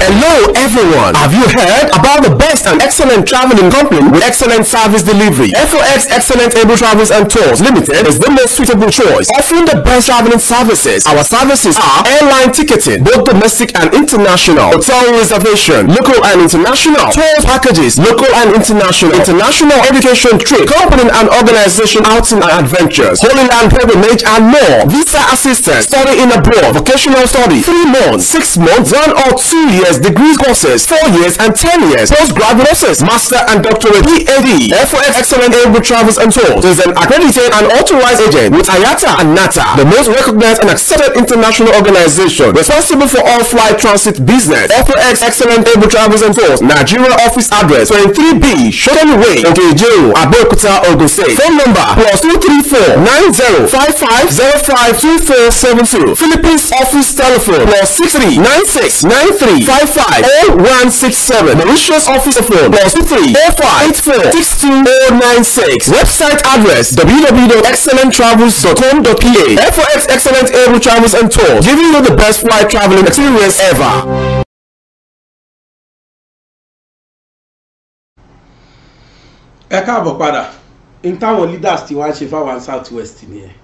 Hello everyone! Have you heard about the best and excellent traveling company with excellent service delivery? FOX Excellent Able Travels and Tours Limited is the most suitable choice, offering the best traveling services. Our services are airline ticketing, both domestic and international, hotel reservation, local and international, tours packages, local and international, international education trip, company and organization outing and adventures, Holy Land pilgrimage and more, visa assistance, study in abroad, vocational study, three months, six months, one or two years years degree courses, 4 years and 10 years postgraduate courses, master and doctorate PhD. Therefore, excellent able travels and tours is an accredited and authorized agent with IATA and NATA, the most recognized and accepted international organization responsible for all flight transit business. FOX Excellent Able Travels and Tours, Nigeria office address 23B Shodan Way, Okejeru, Abeokuta, Ogun State. Phone number plus 234 9055 Philippines office telephone plus 6396 nine five oh Mauritius office phone plus two three oh five eight four six two oh nine website address www.excellenttravels.com.ph FOX Excellent Aero Travels and Tours giving you the best flight traveling experience ever. ẹ káàbọ̀ padà n táwọn leaders ti wá ṣe fáwọn south west nìyẹn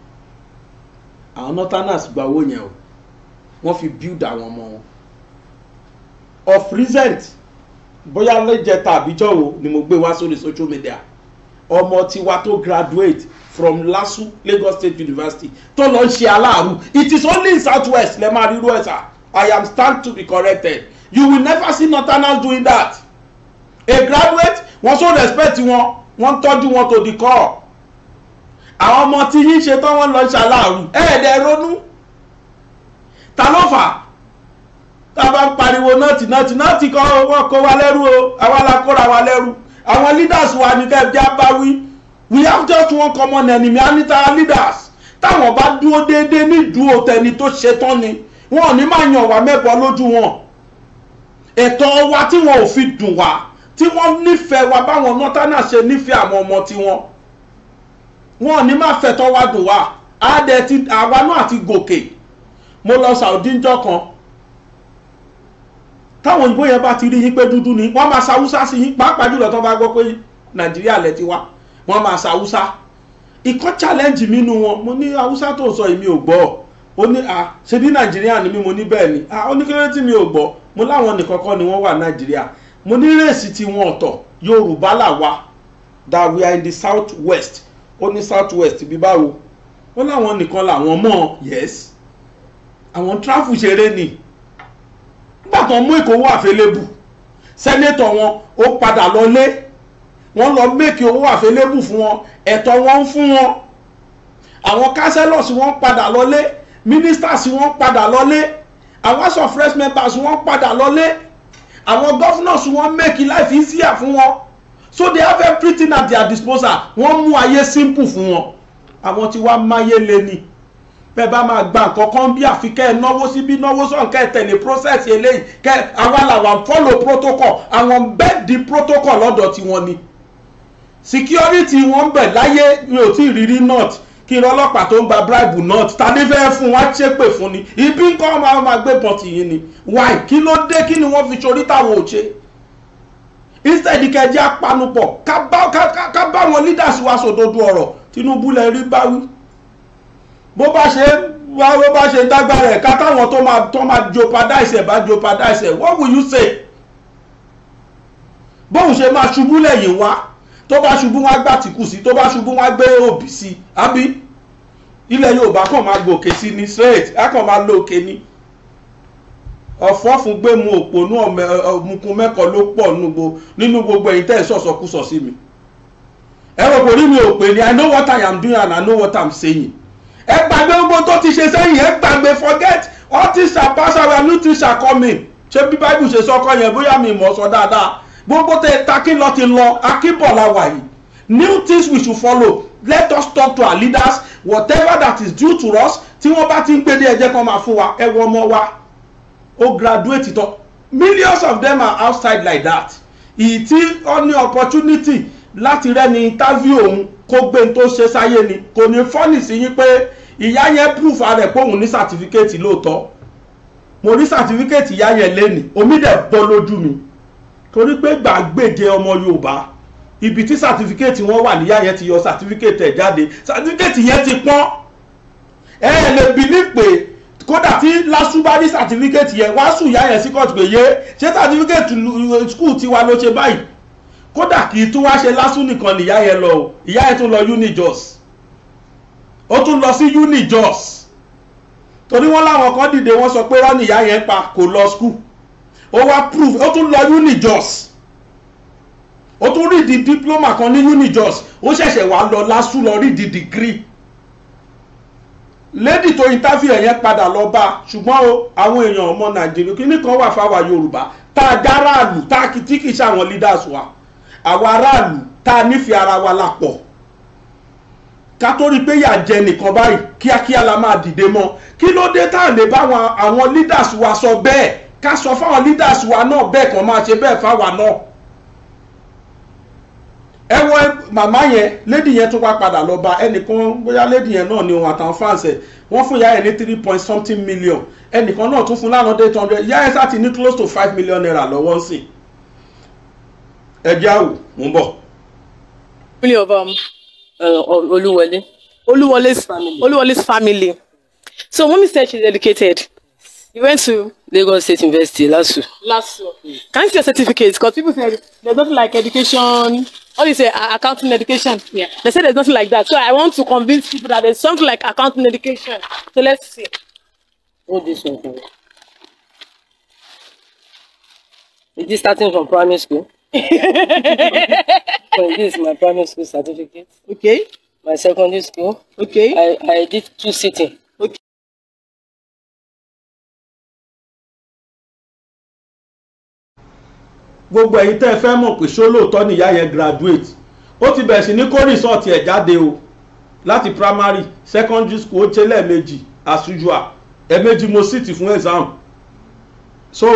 àwọn northerners gba owó yẹn o wọ́n fi build àwọn ọmọ wọn of recent bóyá lẹ́jẹ̀ tàbí jọ̀wọ́ ni mo gbé wá sórí social media ọmọ tiwa tó graduate from LASU Lagos State University tó lọ ń ṣe aláàrú it is only in south west lè máa rírú ẹ̀sà I am stand to be corrected you will never see northerners doing that a graduate wọ́n so respect wọn wọ́n tọ́jú wọn to the core àwọn ọmọ tí yín ṣe tán wọ́n lọ ń ṣe aláàrú ẹ̀ẹ́dẹ̀ ronú ta ló fà á tá a bá ń pariwo nọ́ọ̀tì nọ́ọ̀tì nọ́ọ̀tì kọ́ wọ́n kó wa lẹ́rú o àwa la kóra wa lẹ́rú àwọn leaders wa ni kẹ́ bá wí we have just one common enemy and our leaders táwọn bá dúró déédéé ní ìdúró tẹni tó ṣetán ni wọn ò ní máa yàn wá mẹ́bọ lójú wọn ẹ̀tọ́ wa tí wọn ò fi dùn wá tí wọ́n nífẹ̀ẹ́ wa báwọn nọ́tánà ṣe nífẹ̀ẹ́ àwọn ọmọ tiwọn wọn ò ní máa fẹ̀tọ́ wa dùn wá àádẹ́ àwa náà ti gòkè mo lọ Saudi níjọ́ kan táwọn òyìnbó yẹn bá ti rí yín pé dúdú ni wọ́n máa ṣàwúsá sí yín pàápàá jùlọ tó bá gbọ́ pé nàìjíríà lẹ ti wá wọ́n máa ṣàwúsá ikọ́ challenge mi nu wọn mo ní haúsá tó ń sọ èmi ò gbọ́ ó ní à ṣe bí nàìjíríà ni mí mo ní bẹ́ẹ̀ ni à ó ní kéré tí mi ò gbọ́ mo láwọn nìkan kọ́ ni wọ́n wà nàìjíríà mo ní rèsì tí wọn ọ̀tọ̀ yorùbá là wá that we are in the south west ó ní south west bí báwo ó láwọn nìkan làwọn mọ̀ yes àwọn tráfù ṣeré ni nígbà tó ń mú èkó owó àfẹlẹ́bù sẹ́nétọ̀ wọn ó padà lọlé wọ́n lọ méèkì owó àfẹlẹ́bù fún wọn ẹ̀tọ́ wọn ń fún wọn àwọn councillors wọn padà lọlé ministers wọn padà lọlé àwọn house of reps members wọn padà lọlé àwọn governors wọn méèkì life easier fún wọn so they have everything at their disposal wọ́n mú ayé simple fún wọn àwọn tí wàá máyé lé ni bẹ́ẹ̀ bá máa gba nǹkan kan bí àfi kẹ́ ẹ náwó síbí náwó sọ̀n kẹ́ tẹ̀lé process eléyìí kẹ́ àwa làwà follow protocol àwọn bẹ́ẹ̀ di protocol lọ́dọ̀ tiwọn ni security wọn ń bẹ̀ láyé mi ò tí ì rírí north kí irọ́ ọlọ́pàá tó ń gba bribe north ta ní fẹ́ fún wa ṣépè fún ni ibi nǹkan máa máa gbé bọ̀ tì yín ni why kí ló dé kí ni wọ́n fi ṣorí táwọn ò ṣe instead kẹjẹ apanupọ̀ ká bá wọn leaders wa sòdodo ọ̀rọ̀ Tinubu lẹ rí báwí bó bá ṣe wá bó bá ṣe dágbára ẹ̀ kátáwọn tó máa tó máa jeopardize ẹ̀ bá jeopardize ẹ̀ what will you say bóun ṣe máa ṣubú lẹ́yìn wá tó bá ṣubú wá gbà tìkú sí tó bá ṣubú wá gbé òbí sí àbí ilẹ̀ Yorùbá kàn máa gòkè sí ni straight á kàn máa lóòkè ni ọ̀fọ́ fún gbé mu òpònú ọ̀mùkún mẹ́kọ̀ọ́ ló pọ̀ nínú gbogbo ẹ̀yin tẹ́ ẹ̀ sọ̀sọ̀kúsọ sí mi ẹ rò pé orí mi ò pè ní I know what I am doing and I know what I am saying ẹ gbàgbé gbogbo tó ti ṣe sẹ́yìn ẹ gbàgbé forget all things are past away new things are coming ṣé bí bible ṣe sọkọ yẹn bóyá mi mọ̀ sọ dáadáa gbogbo tẹ takí lọ ti lọ akíbọ̀lá wàyí new things we should follow let us talk to our leaders whatever that is due to us tí wọ́n bá ti ń gbélé ẹ̀jẹ̀ kan máa fún wa ẹ wọ ọmọ wa ó graduate tán millions of them are outside like that ìtí ọ ní opportunity láti rẹ́ni interview òun kó gbé n tó ṣe sáyé ni kò ní fọ́nì sí yín pé ìyá yẹn proof rẹ̀ pé òun ní sàtífíkẹ́ẹ̀tì lóòótọ́ mo ní sàtífíkẹ́ẹ̀tì ìyá yẹn lẹ́nìí omi dẹ̀ bọ́ lójú mi torí pé gbàgbéje ọmọ Yorùbá ibi tí sàtífíkẹ́ẹ̀tì wọn wà níyà yẹn ti yọ sàtífíkẹ́ẹ̀tì ẹ̀ jáde sàtífíkẹ́ẹ̀tì yẹn ti pọ́n ẹ ẹ lè bìlí pé kódà tí lásù bá ní sàtífíkẹ́ẹ̀tì yẹn wàásù ìyá yẹn sí kóòtù pé yé ṣé sàtífíkẹ́ẹ̀tì skul tiwa ló ṣe báyìí kódà kì í tún wá ṣe lásùn nìkan nìyá yẹn lọ o ìyá yẹn tún lọ jos, ó tún lọ sí unijos torí wọ́n láwọn kan dìde wọ́n sọ pé rọ́ọ̀nì ìyá yẹn pa kò lọ skul ó wá proof ó tún lọ unijos ó tún rí di diploma kan ní unijos ó ṣẹ̀ṣẹ̀ wá lọ lásù lọ rí di degree lady tó interview ẹ̀yẹn padà lọ bá ṣùgbọ́n o àwọn èèyàn ọmọ nàìjíríà kí ni kan wà fáwa yorùbá tá a dáràlù tá a kìtìkì ṣàwọn leaders wa àwa aráàlú tá a nífẹ̀ẹ́ ara wa la pọ̀ ká tó rí i pé yà jẹ nìkan báyìí kíákíá la máa dìde mọ́ kí ló dé tá à lè bá àwọn leaders wa sọ bẹ́ẹ̀ ká sọ fáwọn leaders wa náà bẹ́ẹ̀ kàn máa ṣe bẹ́ẹ̀ fáwa náà ẹ wọ màmá yẹn lady yẹn tún wá padà lọ bá ẹnìkan bóyá lady yẹn náà ni òun àtàwọn fans ẹ wọ́n fún ìyá ẹ̀ ní three point something million ẹnìkan náà tún fún lánàá dé two hundred ìyá ẹ̀ sá ti ní close to five million naira lọ́wọ́ ń sìn ẹjẹ́ àwò mò ń bọ̀. family of um, uh, Oluwole Oluwole's family family so mommy said is educated you went to. Lagos State University LASU. LASU. Mm. Can you see your certificate? Because people say there's nothing like education. All you say uh, accounting education. Yeah. They say there's nothing like that. So I want to convince people that there's something like accounting education. So let's see. Hold this one for? me. Is this starting from primary school? so this is my primary school certificate. Okay. My secondary school. Okay. I, I did two sitting. Okay. gbogbo ẹ̀yin tẹ́ ẹ fẹ́ mọ̀ pé ṣólóòótọ́ nìyá yẹn graduate ó ti bẹ̀rẹ̀ sí ní kó rìsọ́ọ̀tì ẹ̀ jáde o láti primary secondary school ó ṣe lẹ́ẹ̀mejì as usual ẹ̀ẹ̀mejì mo sì ti fún exam so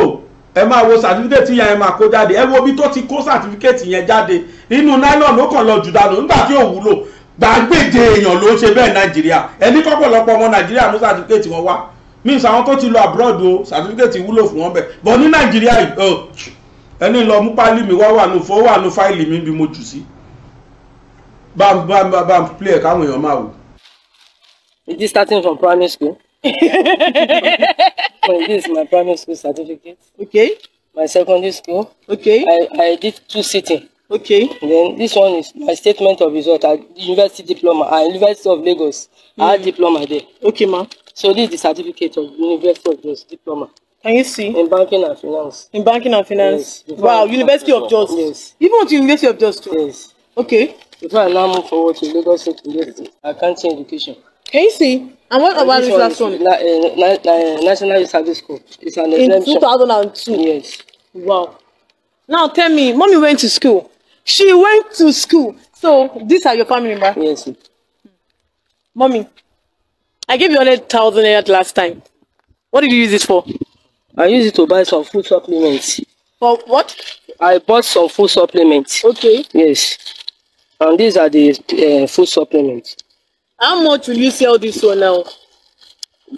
ẹ máa wo sàtífíkẹ́tì yẹn ẹ máa kó jáde ẹ wo ibi tó ti kó sàtífíkẹ́tì yẹn jáde inú nylon ó kàn lọ jù dànù nígbà tí ò wúlò gbàgbéje èèyàn ló ṣe bẹ́ẹ̀ nàìjíríà ẹni kọ́pọ̀lọpọ̀ ọmọ nàìjíríà mú sàtífíkẹ́tì wọn wá means àwọn tó ti lọ abroad o sàtífíkẹ́tì wúlò fún wọn bẹ́ẹ̀ bọ̀ ní nàìjíríà oh, ẹni lọ mú pálí mi wá wà nù fáìlì mi bí mo jù sí bam bam bam play ẹ̀ káwọn èèyàn máa wò. point, this is my primary school certificate. Okay. My secondary school. Okay. I, I did two sitting. Okay. Then this one is my statement of result at university diploma at University of Lagos. Mm. I had hmm. diploma there. Okay, ma'am. So this is the certificate of University of Lagos diploma. Can you see? In banking and finance. In banking and finance. Yes, wow, University of Jos. Yes. Even to University of Jos too. Yes. Okay. Before I now move forward to Lagos State University, I can't accounting education. Can you see? And what about this last one? Na, uh, eh, na, na, eh, National Service School. It's an In exemption. In 2002? Yes. Wow. Now tell me, mommy went to school. She went to school. So these are your family members? Yes. Mommy, I gave you 100,000 naira last time. What did you use it for? I used it to buy some food supplements. For what? I bought some food supplements. Okay. Yes. And these are the uh, food supplements. How much will you sell this one now?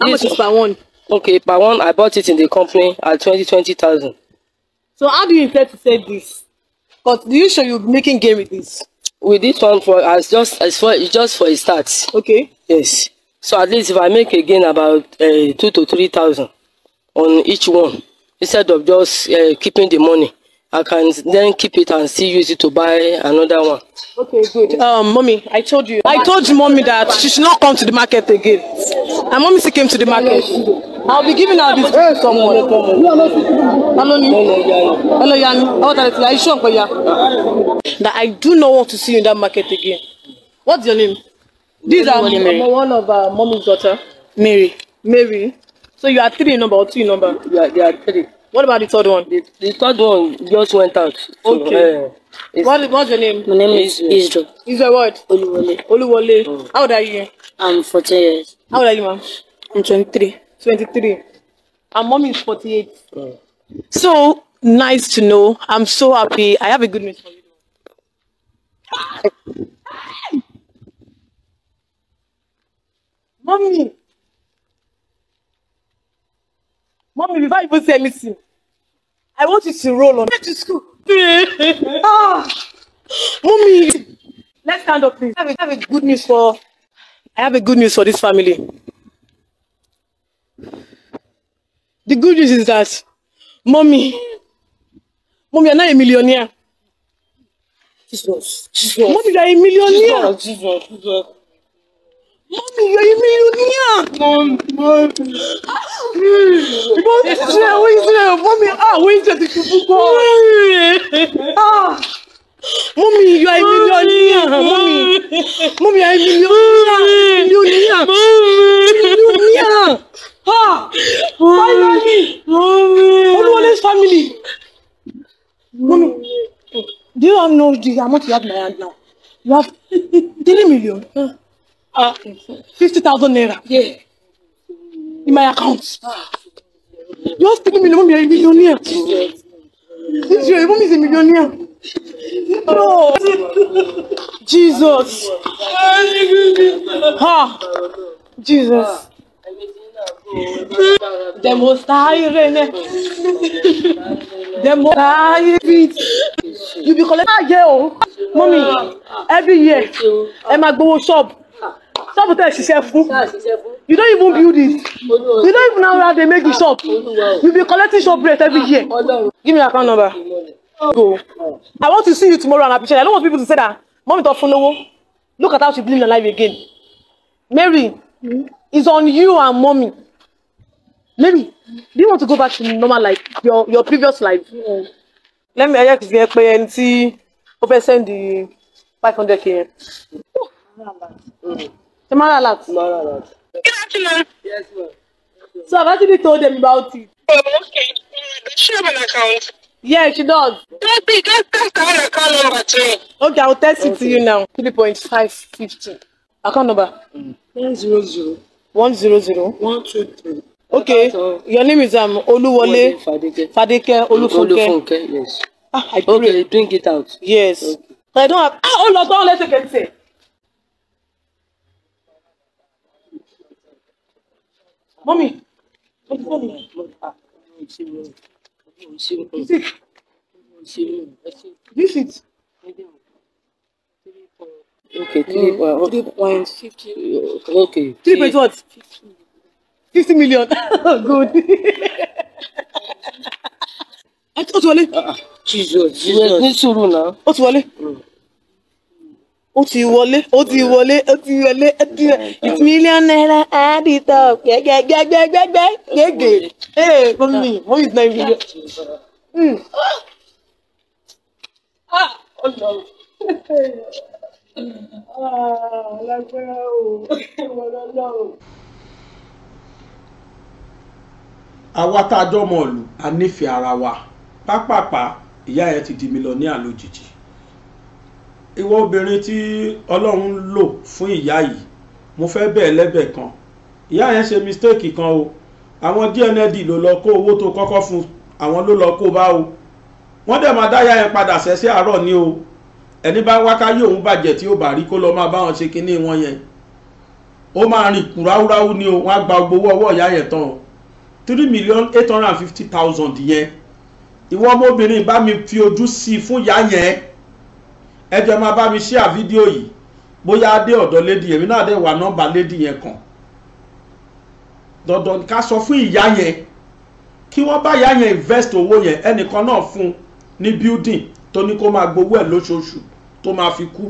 How this much is per one? Okay, per one, I bought it in the company at twenty twenty thousand. So how do you intend to sell this? But do you sure you'll making gain with this? With this one, for as just as for just for a start. Okay. Yes. So at least if I make again about uh, two to three thousand on each one, instead of just uh, keeping the money. I can then keep it and still use it to buy another one. Okay, good. Um, mommy, I told you. I told you, mommy, that she should not come to the market again. And mommy still came to the market. I'll be giving out this to someone. Aloni. Hello, Yanni. How are you? sure, Koya? That I do not want to see you in that market again. What's your name? These are Mary. one of uh, mommy's daughter. Mary. Mary. So you are three number or two number? Yeah, they are three. What about the third one? The, the third one just went out. So, okay. Uh, what, what's your name? My name is Israel. Israel what? Oluwole. Oluwole. Mm. How old are you? I'm 14 years. How old are you, ma'am? I'm 23. 23. And mom is 48. Mm. So, nice to know. I'm so happy. I have a good news for you. Mommy. Mommy, before you even say anything, I want you to roll on. Get to school. ah, mommy, let's stand up, please. I have, a, I have a good news for. I have a good news for this family. The good news is that, mommy, mommy, you're not a millionaire. Jesus, Jesus. Mommy, you're a millionaire. Jesus, Jesus, Jesus. Mami, you're a millionaire. Mami, mami. Ṣé àwọn ìṣe mami àwọn ìṣe ti ṣubú kọ́? Mami, you're a millionaire. Mami, mami, you're a millionaire. Millionaire. Millionaire. Ha! Finally! Olúwọlé's family. Mami, do you all know the amount you have in my hand now? You have three million. Huh? Ah, 50,000 naira. Yeah. In my account. Ah. Just speaking me, mom, you're a millionaire. Since your mom is a millionaire. No. Jesus. Ha. Jesus. The most high Rene. The most high bit. You be collecting a ah, year, oh. Mommy, every year. and my go shop shop tẹ ṣiṣẹ́ fún you don't even build it you don't even know how they make the shop you be collecting shop rent every ah, year give me your account number go i want to see you tomorrow and appreciate i don't want people to say that mommy talk fun lowo look at how she live her life again mary mm it's on you and mommy mary do you want to go back to normal life your your previous life. Mm -hmm. let me ayé kìí pe ẹni tí ó fẹ́ send five hundred k yẹn. Mm. Tamara Lat. Tamara Lat. Good afternoon. Yes, ma'am. So I've actually told them about it. Oh, okay. Mm, does she have an account? Yeah, she does. Just be, just that's the one account number to me. Okay, I'll text okay. it to you now. 3.550. Account number? One One zero zero. zero zero. One two three. Okay, your name is um Oluwole Fadeke, Fadeke Olufunke. Olufunke, yes. Ah, I pray. Okay, drink it out. Yes. Okay. I don't have. Ah, oh Lord, don't let you get sick. mọ́mì what is fọ́ọ̀mù ẹ̀ lọ́dún pa ọmọ ìṣirò rẹ̀ ọmọ ìṣirò rẹ̀ ọmọ ìṣirò rẹ̀ ẹ this it. okay three point oh. three point fifty okay three point what fifty million oh, good. ó ti wọlé. Uh-uh. jesus jesus ní sùúrù náà. ó ti wọlé. Mm ó ti wọlé ó ti wọlé ó ti wọlé ó ti wọlé it's million naira at the top gẹgẹgẹgẹgẹgẹ gègé ee mọ́mí mọ́mí is nine million. Lágbára o, àwa tá a jọ mọ̀ ọ́ lù a nífẹ̀ẹ́ ara wa pápápá ìyá ẹ̀ ti di mílíọ̀nìà lójijì ìwọ obìnrin tí ọlọ́run ń lò fún ìyá yìí mo fẹ́ bẹ̀ẹ́ lẹ́bẹ̀ẹ́ kan ìyá yẹn ṣe mistake kan o àwọn dnd ló lọ kó owó tó kọ́kọ́ fún àwọn ló lọ kó bá o wọ́n dẹ̀ máa dáyà yẹn padà sẹ́sẹ́ àárọ̀ ni o ẹni bá wákàyè òun bàjẹ́ tí ó bá rí kó lọ máa bá wọn ṣe kinní wọn yẹn ó máa rìn kúráúráú ni o wọ́n á gba gbowó ọwọ́ ìyá yẹn tán o three million eight hundred and fifty thousand yẹn ìwọ ọmọbìnrin bá mi fi ojú sí i fún ìyá yẹn ẹ jọ̀ọ́ máa bá mi share fídíò yìí bóyá dé ọ̀dọ̀ lady èmi náà dẹ̀ wà nọ́mbà lady yẹn kàn dandan ká sọ fún ìyá yẹn kí wọ́n bá ìyá yẹn invest owó yẹn ẹnìkan náà fún un ní building tó ní kó máa gbowó ẹ̀ lóṣooṣù tó máa fi kú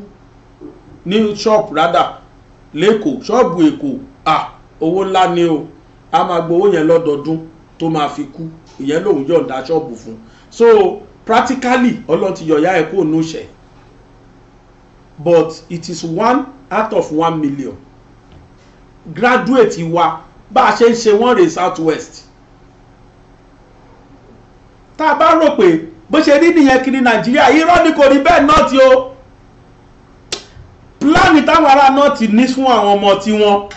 ní ṣọ́ọ̀bù rádà lẹ́kọ̀ọ́ ṣọ́ọ̀bù èkó à owó ńlá ni o a máa gbowó yẹn lọ́dọọdún tó máa fi kú ìyẹn lòun yọ̀ǹda ṣọ́ọ̀bù fún so practically ọlọ́run ti yọ̀ọ̀yá ẹ̀ kó nù ṣẹ̀ but it is one out of one million graduate wa bá a ṣe ń ṣe wọ́n rè south west tá a bá rò pé bó ṣe rí nìyẹn kiri nàìjíríà irọ́ ni kò rí bẹ́ẹ̀ náà ti o pílánì táwọn ará náà ti ní fún àwọn ọmọ tiwọn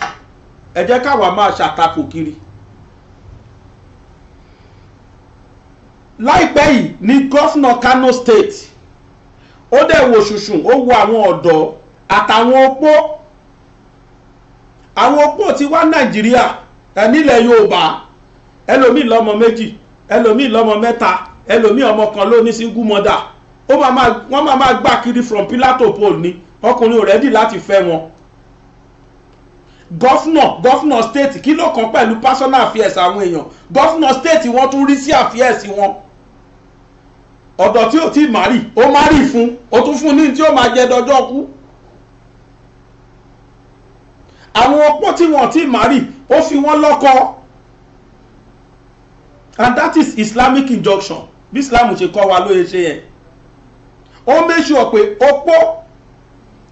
ẹ jẹ́ káwa máa ṣàtakò kiri láìpẹ́ yìí ni gọ́fúnà Kano State ó dẹ̀ wo ṣùṣùn ó wo àwọn ọ̀dọ́ àtàwọn opó àwọn opó ti wá nàìjíríà nílẹ̀ yorùbá ẹlòmíì lọ́mọ méjì ẹlòmíì lọ́mọ mẹ́ta ẹlòmíì ọmọ kan ló ní single mother máa máa gbà kiri from pillar to pole ni ọkùnrin ò rẹ́dì láti fẹ́ wọn gọ́fúnà gọ́fúnà state kí ló kàn pẹ̀lú personal affairs àwọn èèyàn gọ́fúnà state wọ́n tún rí sí affairs wọn. Si ọ̀dọ̀ tí ò tí ì márì ó márì fún ó tún fún ní tí ó máa jẹ dọjọ́ kú àwọn opó tí wọn tí ì márì ó fi wọ́n lọ́kọ and that is Islamic injunction bí Islam ṣe kọ́ wa lóye ṣe yẹn ó make sure pé opó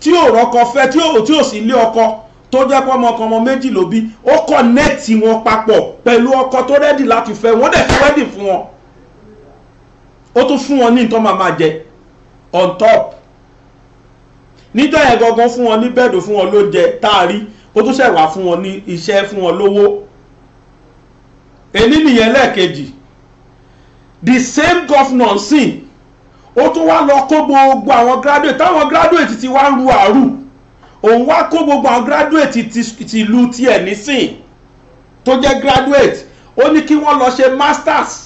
tí ò rọ́kọ fẹ́ tí ò tí ò sì lé ọkọ tó jẹ́ pé ọmọ kan ọmọ méjì ló bí ó kọ́ nẹ́ẹ̀tì wọn papọ̀ pẹ̀lú ọkọ tó rẹ́dì láti fẹ́ wọ́n dẹ̀ fi wẹ́dì fún wọn ó tún fún wọn ní nǹkan máa máa jẹ on top níjọ́ yẹn gangan fún wọn ní bẹ́ẹ̀dù fún wọn lóúnjẹ táàrí ó tún ṣẹ̀wá fún wọn ní iṣẹ́ fún wọn lówó èyí nìyẹn lẹ́ẹ̀kejì the same governor sin ó tún wá lọ kó gbogbo àwọn graduate táwọn graduate ti wá ń ru àrù òun wá kó gbogbo àwọn graduate ti ìlú tiẹ̀ nísìn tó jẹ́ graduate ó ní kí wọ́n lọ ṣe masters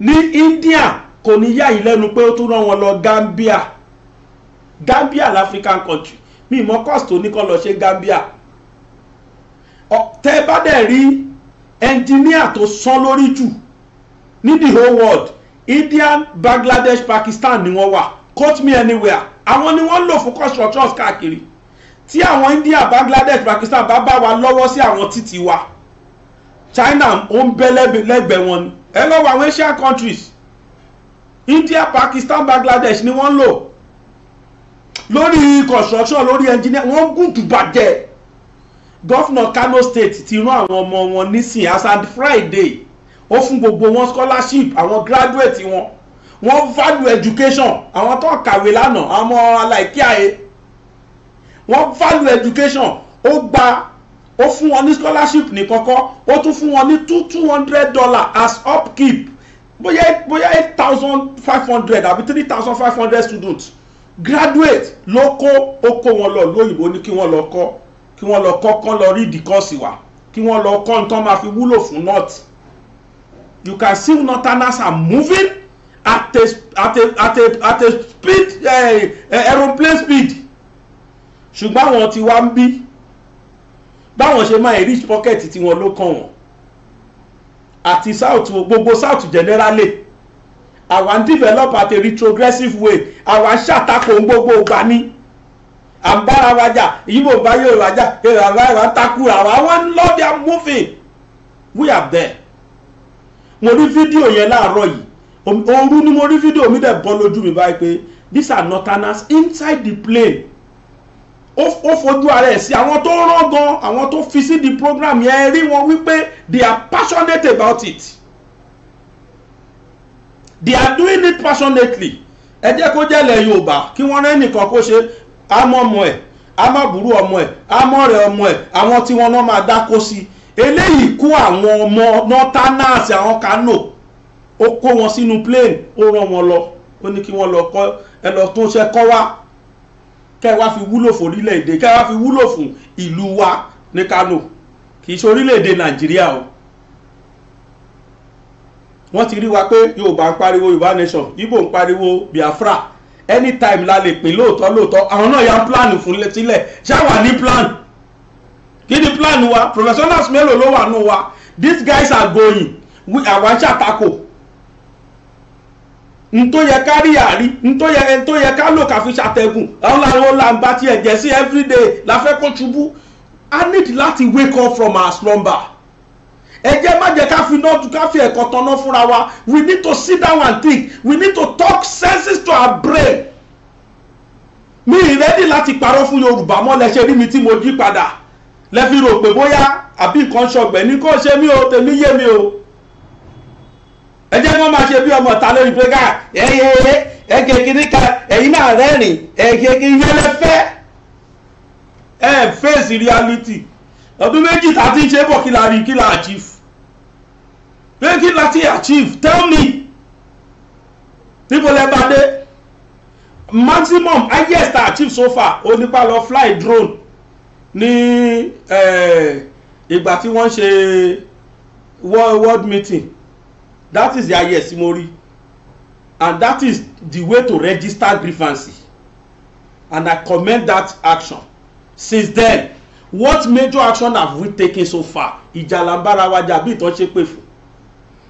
ní India kò ní yà yìí lẹ́nu pé ó tún rán wọn lọ Gambia Gambia l'African country mi ìmọ̀ cost tó ní kọ́ lọ ṣe Gambia tẹ́ bá dẹ̀ rí ẹnjìníà tó sán lórí jù ní the whole world India, Bangladesh Pakistan ni wọ́n wà quote me anywhere àwọn ni wọ́n lò fún constructions káàkiri tí àwọn India Bangladesh Pakistan bá bá wa lọ́wọ́ sí àwọn títì wa China ó ń bẹ́ lẹ́gbẹ̀ẹ́ wọn ni ẹ lọ wọ àwọn asian countries India Pakistan Bangladesh ni wọ́n lò lórí construction lórí engineer wọ́n gùn tù bàjẹ́ gọ́fìnà Kano State ti rán àwọn ọmọ wọn nísìn asan Friday ó fún gbogbo wọn scholarship àwọn graduate wọn wọ́n value education àwọn tó kàwé lánàá àwọn ọmọ aláìkíyàé wọ́n value education ó gba ó fún wọn ní scholarship ní kọ́kọ́ ó tún fún wọn ní two two hundred dollar as upkeep bóyá bóyá eight thousand five hundred àbí three thousand five hundred students graduate ló kó ó kó wọn lọ lóyìnbó ní kí wọ́n lọ kọ́ kí wọ́n lọ kọ́ kán lọ rí ìdíkọ́sì wa kí wọ́n lọ kọ́ nǹkan máa fi wúlò fún north you can see northerners are moving at a at a at a at a speed uh, aeroplane speed ṣùgbọ́n àwọn tí wá ń bí báwọn ṣe máa enrich pocket tiwọn ló kàn wọ́n àti south gbogbo south generally àwa ń develop at a retrogressive way àwa ń ṣàtakò gbogbo ìgbà ni à ń bára wa jà ìyíbò bá yóò rajà èrò àwa ìwà ń takú àwa wọn ń lọ their moving we are there mo rí fídíò yẹn láàárọ̀ yìí òru ni mo rí fídíò mi dẹ̀ bọ́ lójú mi báyìí pé these are northerners inside the plane ó fojú ara ẹ̀ sí àwọn tó rán gan àwọn tó fi sí the program yẹn rí wọn wípé they are passionate about it they are doing it passionately ẹ jẹ́ kó jẹ́ ilẹ̀ Yorùbá kí wọ́n rẹ́ nìkan kó ṣe àmọ́ ọmọ ẹ̀ àmọ́ burú ọmọ ẹ̀ àmọ́ rẹ̀ ọmọ ẹ̀ àwọn tí wọ́n náà máa dáko sí eléyìí kó àwọn ọmọ northerners àwọn Kano ó kó wọn sínú plane ó rán wọn lọ ó ní kí wọ́n lọ kọ́ ẹ lọ tó ṣe kọ́ wá kẹ́ ẹ wá fi wúlò fún orílẹ̀-èdè kẹ́ fi wúlò fún ìlú wa ní Kano kì í ṣe orílẹ̀-èdè Nàìjíríà o wọ́n ti rí wa pé Yorùbá ń pariwo Yorùbá nation Igbo ń pariwo Biafra anytime la lè pín lóòótọ́ lóòótọ́ àwọn náà ya plan fún sílẹ̀ ṣáwà ní plan kí ni plan wa professionals mélòó ló wà nù wa these guys are going àwa ń ṣàtakò n tó yẹ ká rí àrí n tó yẹ n tó yẹ ká lò ká fi ṣàtẹ̀gùn àwọn làwọn làǹgbà tí ẹ̀jẹ̀ sí everyday la fẹ́ kó ṣubú i need láti wake up from our slumber ẹ jẹ́ má jẹ́ ká fi iná tu ká fi ẹ̀kọ́ tanná fúnra wa we need to sit down and think we need to talk senses to our brain mi ìrẹ́dì láti parọ́ fún yorùbá mọ́ lẹ ṣe rí mi tí mo jí padà lẹ fi rò pé bóyá àbí nǹkan ṣọgbẹ́ ní kò ṣe mí o tèmi yé mi o ẹ jẹ́ kí wọ́n máa ṣe bí ọmọ ta lórí pẹ́ká ẹ̀yẹ ẹ̀gẹ́ kìíní kan ẹ̀yìn náà rẹ́rìn ẹ̀gẹ́ kìíní yẹlẹ́fẹ́ ẹ̀ fèsì reality ọdún méjì tá a ti ń ṣe bọ̀ kí la rí kí la achieve pé kí la ti achieve tell me níbo lẹ bá dé maximum highest achieve so far ó nípa lọ fly drone ní eh, ìgbà tí wọ́n ṣe world meeting that is the highest mo and that is the way to register grievance and I commend that action since then what major action have we taken so far ìjà là ń bára wa jà bí ìtàn ṣe pè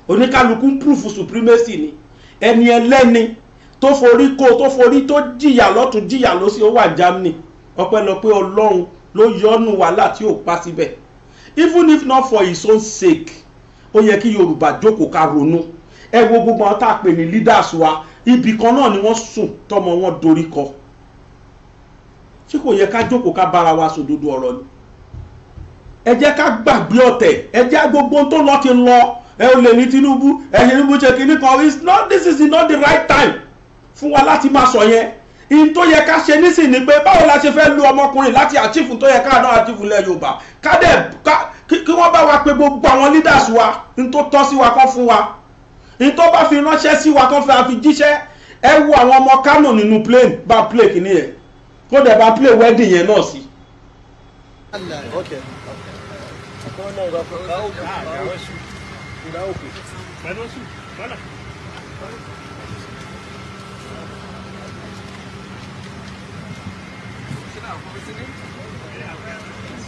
fún proof supremacy ni ẹni ẹlẹ́ni tó forí kó tó forí tó jìyà lọ́tún jìyà lọ́sí ó wà Germany ọpẹ́lọpẹ́ Ọlọ́run ló yọ́nú wàhálà tí ò pa síbẹ̀ even if not for his own sake ó yẹ kí yorùbá jókòó ká ronú ẹ wo gbogbo àwọn tá a pè ní leaders wa ibì kan náà ni wọ́n sùn tọmọ wọn dorí kọ ṣé kò yẹ ká jókòó ká bára wa sòdodo ọ̀rọ̀ ni ẹ jẹ́ ká gbàgbé ọ̀tẹ̀ ẹ jẹ́ gbogbo tó lọ ti lọ ẹ ò lè ní Tinubu ẹ ṣe Tinubu ṣe kínní kan it's not this is not the right time fún wa láti máa sọ yẹn in tó yẹ ká ṣe nísìnyí pé báwo la ṣe fẹ́ lu ọmọkùnrin láti àchífù tó yẹ ká náà àchífù lẹ Yorùbá ká dẹ̀ ká kí wọ́n bá wa pé gbogbo àwọn leaders wa ní tó tọ́ sí wa kán fún wa ní tó bá fi ránṣẹ́ sí wa kán fẹ́ àfi jíṣẹ́ ẹ wo àwọn ọmọ Kano nínú plane bá play kìíní yẹn kó dẹ̀ bá play wedding yẹn náà sí. Thank you.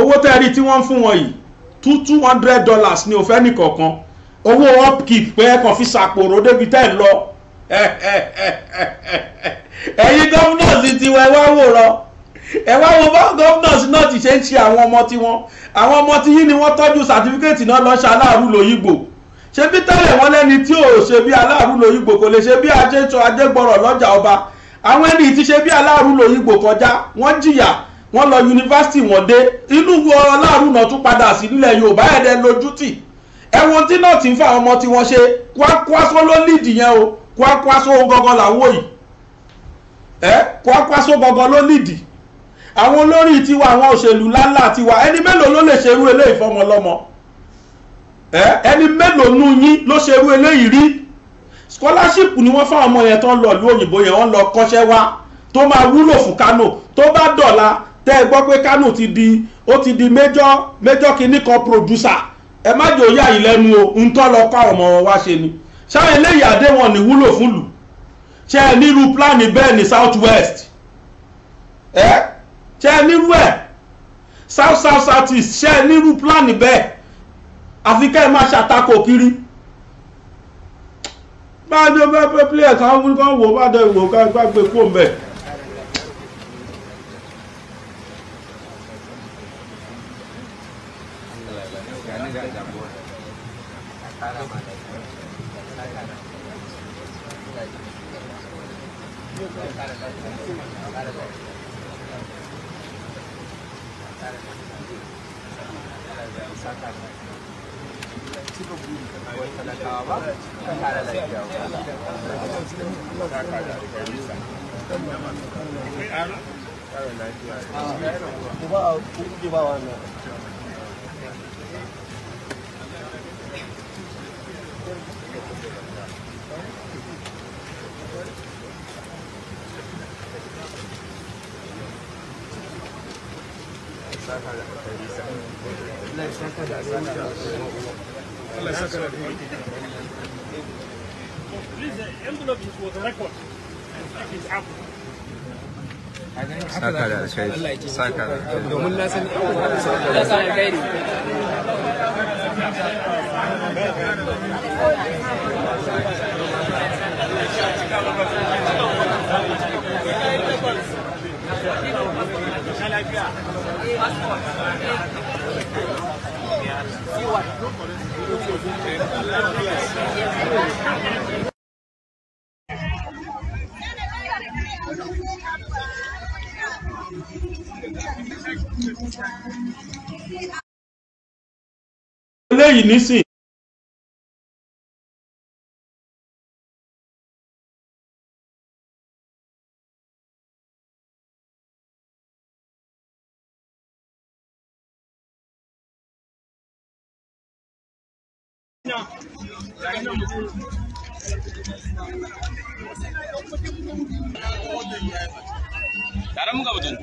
owó tẹ́rí tí wọ́n ń fún wọn yìí two two hundred dollars ni òfẹ́ nìkọ̀ọ̀kan owó upkeep pé ẹ kàn fi ṣàpòrò débi tẹ́ ń lọ ẹ̀yin gọ́fúnọ̀sì tiwọn ẹ wá wòran ẹ wá wo bá gọ́fúnọ̀sì náà ti ṣe ń ṣe àwọn ọmọ tiwọn àwọn ọmọ tí yìí ni wọ́n tọ́jú sàtífíkẹ́ẹ̀tì náà lọ́ọ́ ṣaláàrú lóyìnbó ṣé bí tẹ́lẹ̀ wọ́n lẹ́ni tí ò ṣe bí aláàrú lóyìnbó kò lè ṣe bí ajé tó ajé gbọ́rọ̀ lọ́jà ọba àwọn ẹni tí ṣe bí aláàrú lóyìnbó kọjá wọ́n jìyà wọ́n lọ yunifásitì wọ́n dé inú ọlọ́run tún padà sí nílẹ̀ yorùbá ẹ̀dẹ̀ lójútì ẹ̀wọ̀n tí náà ti ń fa àwọn ọmọ tí wọ́n ṣe kwakwaso ló lídìí yẹn o kwakwaso gangan làwọn yìí ẹ kwakwaso gangan ló lídìí àwọn olórí tiwa àwọn òṣèlú ńláńlá tiwa ẹni mélòó ló lè ṣerú eléyìí fọmọlọmọ ẹ ẹni mélòó nú yín ló ṣerú eléyìí rí scholarship ni wọ́n fáwọn ọmọ yẹn tó ń lọ ìlú òyìnbó yẹn wọ́n lọ kọ́ṣẹ́ wá tó máa wúlò fún Kano tó bá dọ̀la tẹ́ ẹ gbọ́ pé Kanu ti di ó ti di major major kìíní kan producer ẹ má jò yá yìí lẹ́nu o ń tọ́ lọ kọ́ ọmọ wọn wá ṣe ni ṣáà eléyìí àdéhùn ní wúlò fún lù ṣe é nílùú plan bẹ́ẹ̀ ní south west ẹ ṣe é nírú ẹ̀ south south south east ṣe é nírú plan bẹ́ẹ̀ àfi kẹ́ ẹ máa ṣàtakò kiri báyọ̀ bẹ́ẹ̀ pé pílẹ̀ kan wọ́n wò bá dẹ̀ wò ká gbàgbé kó mbẹ́. alkhairi saka domin na sani Thank you. eléyìí nísìn Cara, muka betul.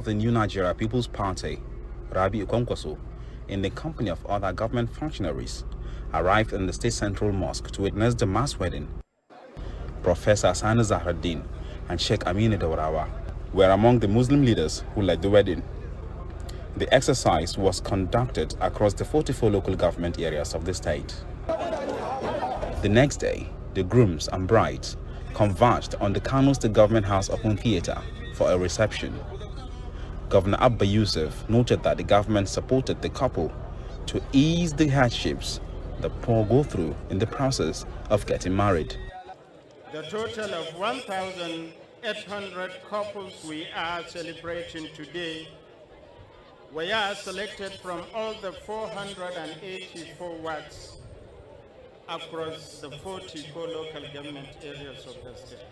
The New Nigeria People's Party, Rabi Ukonkoso, in the company of other government functionaries, arrived in the state central mosque to witness the mass wedding Professor Sana Zahraddin, and Sheikh Amin Daurawa were among the Muslim leaders who led the wedding. The exercise was conducted across the 44 local government areas of the state. The next day, the grooms and brides converged on the Kano the Government House Open Theatre for a reception. Governor Abba Yusuf noted that the government supported the couple to ease the hardships the poor go through in the process of getting married the total of 1,800 couples we are celebrating today we are selected from all the 484 wards across the 44 local government areas of the state.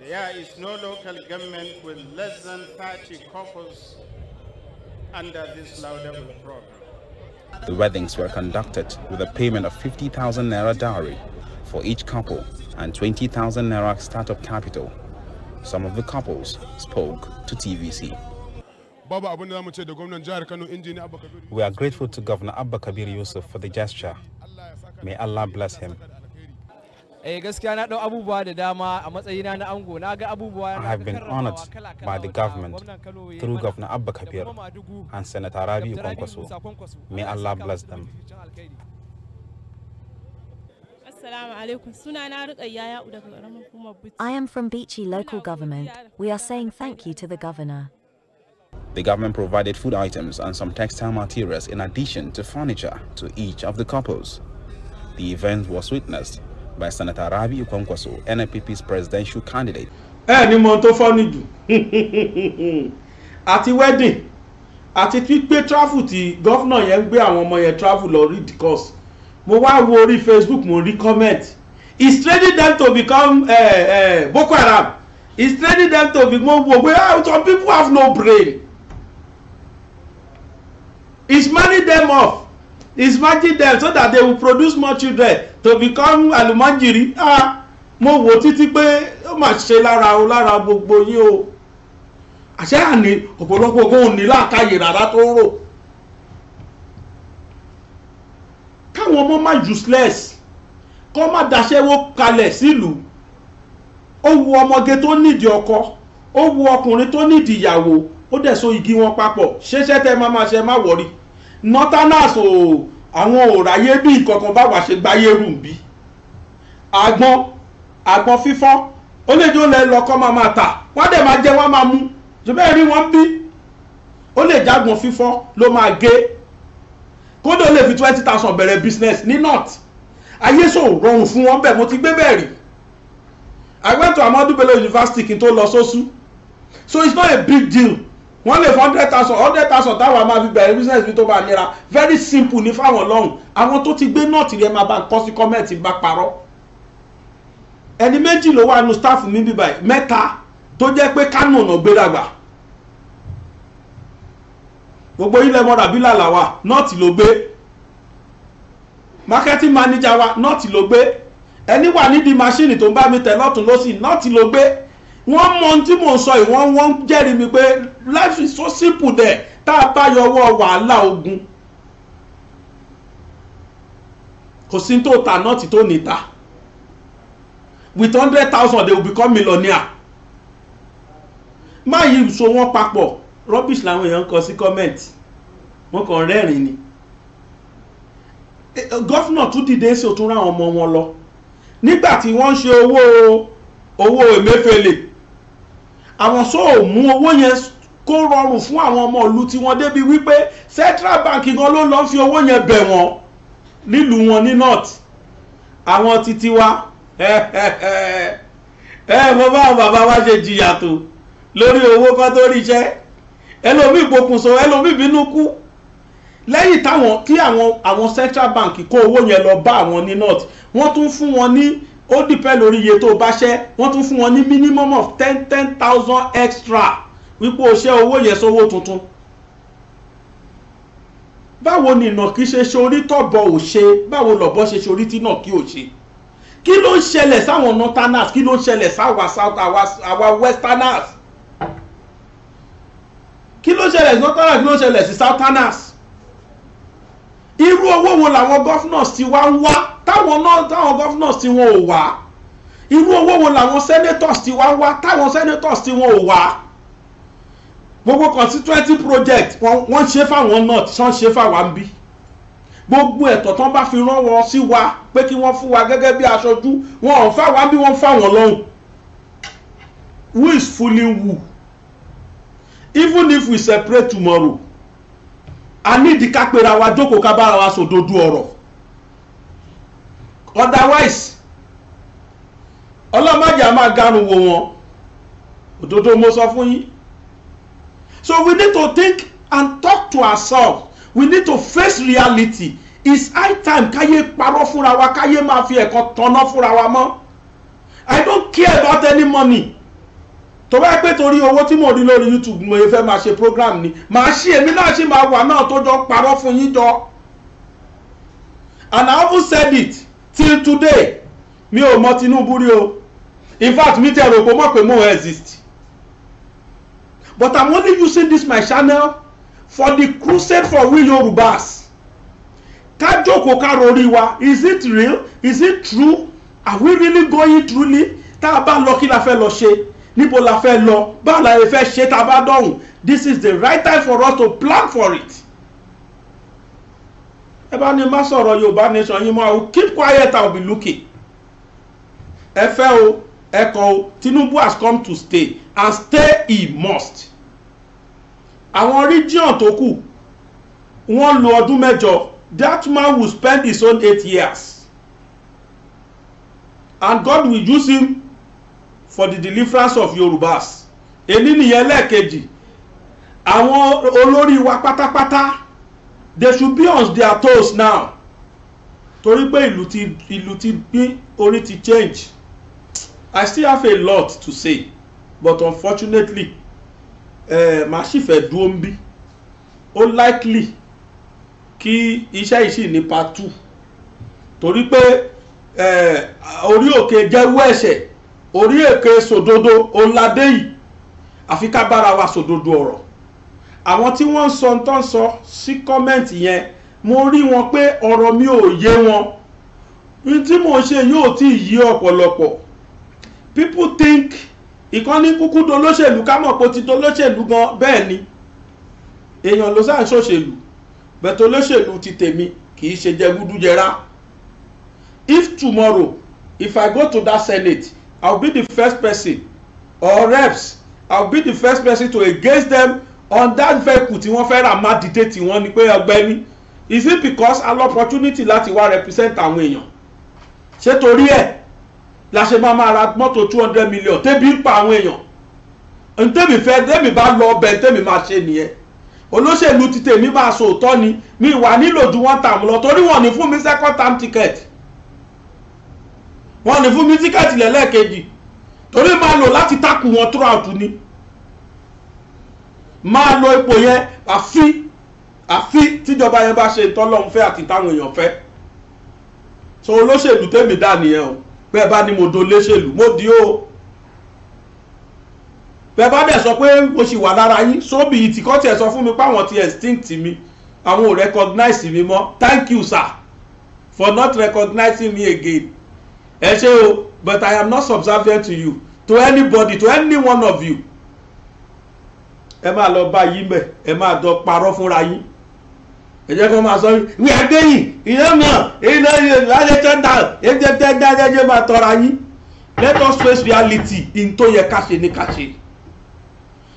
There is no local government with less than 30 couples under this laudable program. The weddings were conducted with a payment of 50,000 naira dowry for each couple and 20,000 Naira startup capital. Some of the couples spoke to TVC. We are grateful to Governor Abba Kabir Yusuf for the gesture. May Allah bless him. Eh, I have been honored by the government through Governor Abba Kabir and Senator Rabi Kwankwaso. May Allah bless them. I am from Beachy local government. We are saying thank you to the governor. The government provided food items and some textile materials in addition to furniture to each of the couples. The event was witnessed by Senator Rabi Ukwankwaso, NPP's presidential candidate. Ẹ ní mo tó àti wedding àti pípé travel tí governor yẹn àwọn travel lọ read course mo wá wo orí facebook mo rí comment it's training them to become uh, uh, boko haram it's training them to become wo pé ah some people have no brain it's marrying them off it's marrying them so that they will produce more children to become alumanjiri ah mo wò títí pé ó mà ṣe lára o lára gbogbo yín o àṣẹ àní ọ̀pọ̀lọpọ̀ kò ní láàkàyè rárá tó rò káwọn ọmọ má useless kọ́ má daṣẹ́wó kalẹ̀ sílùú ó wu ọmọge tó nídìí ọkọ ó wu ọkùnrin tó nídìí ìyàwó ó dẹ̀ so igi wọn papọ̀ ṣeéṣẹ́ tẹ́ máa máa ṣe má wọ̀rí northerners ò àwọn ò ráyé bí nǹkankan bá wà ṣe gbáyé rù bí àgbọn àgbọn fífọ́ ó lè jó lẹ lọkọ máa máa tà wọ́n dẹ̀ máa jẹ wọ́n máa mú ṣùgbọ́n ẹ̀rí wọn bí ó lè jágbọn fífọ́ ló máa gé kódà ó lè fi twenty thousand bẹ̀rẹ̀ business ní north ayé so rọrùn fún wọn bẹ́ẹ̀ mo ti gbé bẹ́ẹ̀ rí I went to Amadu Bello University kí n tó lọ sósú so it's not a big deal wọ́n lè fún hundred thousand hundred thousand táwọn máa fi bẹ̀rẹ̀ business bí tó bá nira very simple ní fáwọn lọ́hùn àwọn tó ti gbé north rí ẹ máa bá ń kọ́ sí kọ́mẹ́ǹtì bá parọ́ ẹni méjì ló wà nù staff mi bíbáyìí mẹ́ta tó jẹ́ pé Kánò ọ̀nà gbéragbà gbogbo ilẹ̀ mọ́ra bí làlàwà nọ́ọ̀tì ló gbé marketing manager wa nọ́ọ̀tì ló gbé ẹni wà nídìí maṣíìnì tó ń bá mi tẹ̀ lọ́tún lọ́sì nọ́ọ̀tì ló gbé wọ́n mọ ohun tí mò ń sọ yìí wọ́n jẹ́rìí mi pé life is so simple there tá a bá yọ ọwọ́ wàhálà ogun kò sí tó ta nọ́ọ̀tì tó níta with hundred thousand they will become millionaire má yí ìṣòwò papọ̀ rubbish làwọn èèyàn kọ sí comment wọn kàn rẹ́rìn ni eh, eh, gọ́fúnà tún dìde sí òtún ráwọn ọmọ wọn lọ nígbà tí wọ́n ń ṣe owó owó Emefiele àwọn sóò mú owó yẹn kó rọrùn fún àwọn ọmọ ìlú tí wọ́n débi wípé Central Bank gan ló lọ́ọ́ fi owó yẹn bẹ̀ wọ́n nílùú wọn ní north àwọn títí wa ẹ ẹ mo bá àwọn bàbá wa ṣe jìyà tó lórí owó kan tó ríṣẹ́ ẹlòmíì gbókùnso ẹlòmíì bínú kú lẹ́yìn táwọn kí àwọn àwọn central bank kó owó yẹn lọ bá àwọn ní north wọ́n tún fún wọn ní ó dìpẹ́ lórí iye tó bá ṣẹ́ wọ́n tún fún wọn ní minimum of ten ten thousand extra wípé o ṣe owó yẹn sówó tuntun báwo ni ìnàkí ṣe ṣorí tọ́bọ̀ ò ṣe báwo lọ́bọ̀ ṣe ṣorí tí náà kí ò ṣe kí ló ń ṣẹlẹ̀ sáwọn northerners kí ló ń ṣẹlẹ̀ sáwa westerners kí ló ṣẹlẹ̀ sí northerners kí ló ṣẹlẹ̀ sí southerners irú owó wo làwọn governors ti wá ń wá táwọn náà táwọn governors ti wọn ò wá irú owó wo làwọn senators ti wá ń wá táwọn senators ti wọn ò wá gbogbo constituency project wọ́n ṣe fáwọn north ṣán ṣe fáwọn bí gbogbo ẹ̀tọ́ tán bá fi rán wọn sí wa pé kí wọ́n fún wa gẹ́gẹ́ bí aṣojú wọn ò fáwọn bí wọ́n fáwọn lọ́hùn who is fooling who even if we separate tomorrow I need the ká pera wa jókòó ká bára wa sòdodo ọ̀rọ̀ otherwise ọlọ́mọdé máa garun wo wọn òdodo mo sọ fún yín so we need to think and talk to ourselves we need to face reality it's high time káyé paro fúnra wa káyé máa fi ẹ̀kọ́ tanná fúnra wa mọ́ i don't care about any money tó bá pé torí owó tí mò ń rí lórí youtube mo fẹ́ máa ṣe program ni màá ṣí èmi náà ṣì máa wà náà tó jọ parọ́ fún yín jọ and i often said it till today mi ò mọ tinubu rí o in fact mi tẹ̀ rò pé mọ̀ pé mo exist but i'm only using this my channel for the crusade for we yorubas ká jókòó ká rorí wa is it real is it true are we really going truly tá a bá lọ kí la fẹ́ lọ ṣe níbo la fẹ́ lọ báwo la fẹ́ ṣe tá a bá dọ̀hùn this is the right time for us to plan for it. ẹ bá ní má sọ̀rọ̀ yorùbá nation yín mọ́ keep quiet and be looking. ẹ fẹ́ o ẹ kọ̀ o Tinubu has come to stay and stay he must. àwọn region tó kù wọ́n lo ọdún mẹ́jọ that man will spend his own eight years and God will use him for the deliverance of Yorubas èyí nìyẹn lẹ́ẹ̀kejì àwọn olórí wa pátápátá they should be on their toes now torí pé ìlú ti ìlú ti gbín orí ti change I still have a lot to say but unfortunately eh, màá sì fẹ́ dúró ń bí ó likely kí iṣẹ́ ìṣì ní part two torí pé eh, orí òkè jẹ́wọ́ ẹ̀ṣẹ̀ orí èké sòdodo ọ̀làdé yìí àfi ká bára wa sòdodo ọ̀rọ̀ àwọn tí wọ́n ń sọ ń tán sọ sí kọ́mẹ́ǹtì yẹn mo rí wọn pé ọ̀rọ̀ mi ò yé wọn ní tí mò ń ṣe yóò tí ì yí ọ̀pọ̀lọpọ̀ people think ìkànnì kúkú dolóṣèlú ká mọ̀ pé ó ti dolóṣèlú gan bẹ́ẹ̀ ni èèyàn ló sáà ń ṣòṣèlú bẹ̀tẹ̀ olóṣèlú ti tèmi kì í ṣe jẹgúdújẹrá if tomorrow if I go to that senate I'll be the first person or reps I'll be the first person to engage them on that vehicle tí wọ́n fẹ́ rà má dìde tí wọ́n ní pé ọgbẹ́ni is it because a lo opportunity láti wá represent àwọn èèyàn ṣé torí ẹ̀ la ṣe máa máa ra mọ́tò two hundred million tẹ́bi ń pa àwọn èèyàn ntẹ́mi fẹ́ tẹ́mi bá lọ ọbẹ̀ tẹ́mi máa ṣe nìyẹn olóṣèlú ti tèmi máa sòótọ́ ni mi wà nílò ju one time lọ torí wọ́n ní fún mi second time ticket wọ́n ní fún mi tíkẹ́ẹ̀tì lẹ́lẹ́kejì torí máa lò láti takù wọn throughout ni máa lo ipò yẹn àfi àfi tíjọba yẹn bá ṣe ìtọ́lọ́hún fẹ́ àti táwọn èèyàn fẹ́ so olóṣèlú tèmi dà nìyẹn o bẹ́ẹ̀ bá ní mo do léṣèlú mo di o bẹ́ẹ̀ bá dẹ̀ sọ pé mo ṣì wà lára yín sóbì yìí tí kò tiẹ̀ sọ fún mi páwọn ti extinct mi àwọn ò recognize mi mọ́ thank you sir for not recognizing me again ẹ ṣe o but I am not subservient to you to anybody to any one of you ẹ máa lọ bá yín bẹ ẹ máa dọ parọ́ fúnra yín ẹ jẹ́ kó máa sọ yín wí adéyìn iná náà iná yìí lálẹ́ tẹ́ńdà ẹ̀jẹ̀ tẹ́ńdà ẹ̀jẹ̀ máa tọ́ra yín let us face reality in tó yẹ ká ṣe ní ká ṣe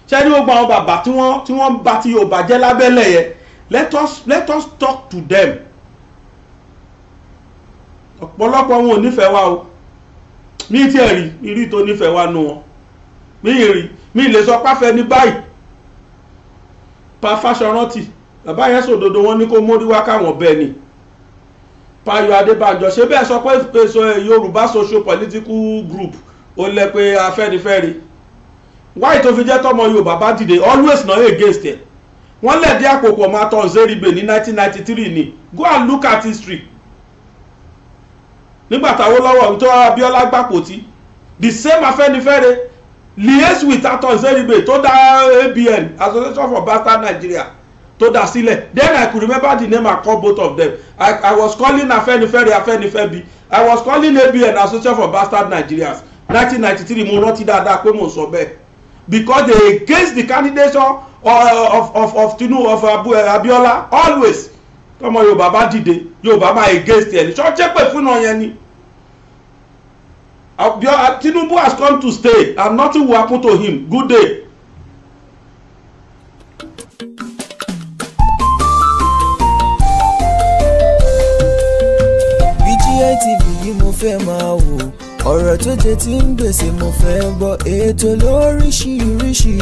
ṣé ní gbogbo àwọn bàbá tí wọ́n tí bá ti Yorùbá jẹ́ lábẹ́lẹ̀ yẹn let us let us talk to them ọ̀pọ̀lọpọ̀ wọn ò nífẹ̀ẹ́ wa o mi ti ẹ̀ rí irí tó nífẹ̀ẹ́ wa nu wọn mi ì rí mi ì lè sọ páfẹ́ ní báyìí pa fáṣọrántì bàbá yẹn sòdodo wọn ní kó mórí wá káwọn bẹ́ẹ̀ ni payo adébánjọ ṣé bẹ́ẹ̀ sọ pé èso eh, yorùbá social political group ó lẹ pé afẹ́nifẹ́re wáyé tó fi jẹ́ tọmọ yorùbá bá dìde always na against it, wọ́n lẹ̀dí àpòpọ̀ máa tọ̀ nzéríbe ní 1993 ni go and look at history nígbà t'Awólọ́wọ̀ tó Abíọ́lá gbapò tí the same Afẹ́nifẹ́re liaise with aton zeribe tó dá ABN Association for Bastard Nigeria tó dá sílẹ̀ then I could remember the name I call both of them I, I was calling Afẹ́nifẹ́re Afẹ́nifẹ́bi I was calling ABN Association for Bastard Nigerians 1993 mo rántí dáadáa pé mo sọ bẹ́ẹ̀ because they against the candidature of of of, of Tinubu of Abiola always tọmọ yorùbá bá dìde yorùbá máa against ẹni ṣọ́ọ́jẹ́ pé fún náà yẹn ni tinubu has come to stay and nothing will happen to him good day. BGI TV yìí mo fẹ́ máa wò ọ̀rọ̀ tó jẹ ti ń gbèsè mo fẹ́ gbọ́ ètò lóríṣiríṣi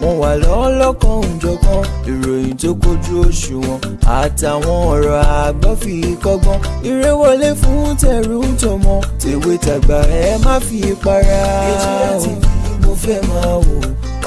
wọn wà lọ́lọ́kan òjọ̀kan ìròyìn tó kojú òṣùwọ̀n àtàwọn ọ̀rọ̀ àgbọ́ fi kọ́gbọ́n eré wọlé fún tẹ̀rù ń tọmọ tèwe tàgbà ẹ má fi para. ètò láti mo fẹ́ máa wò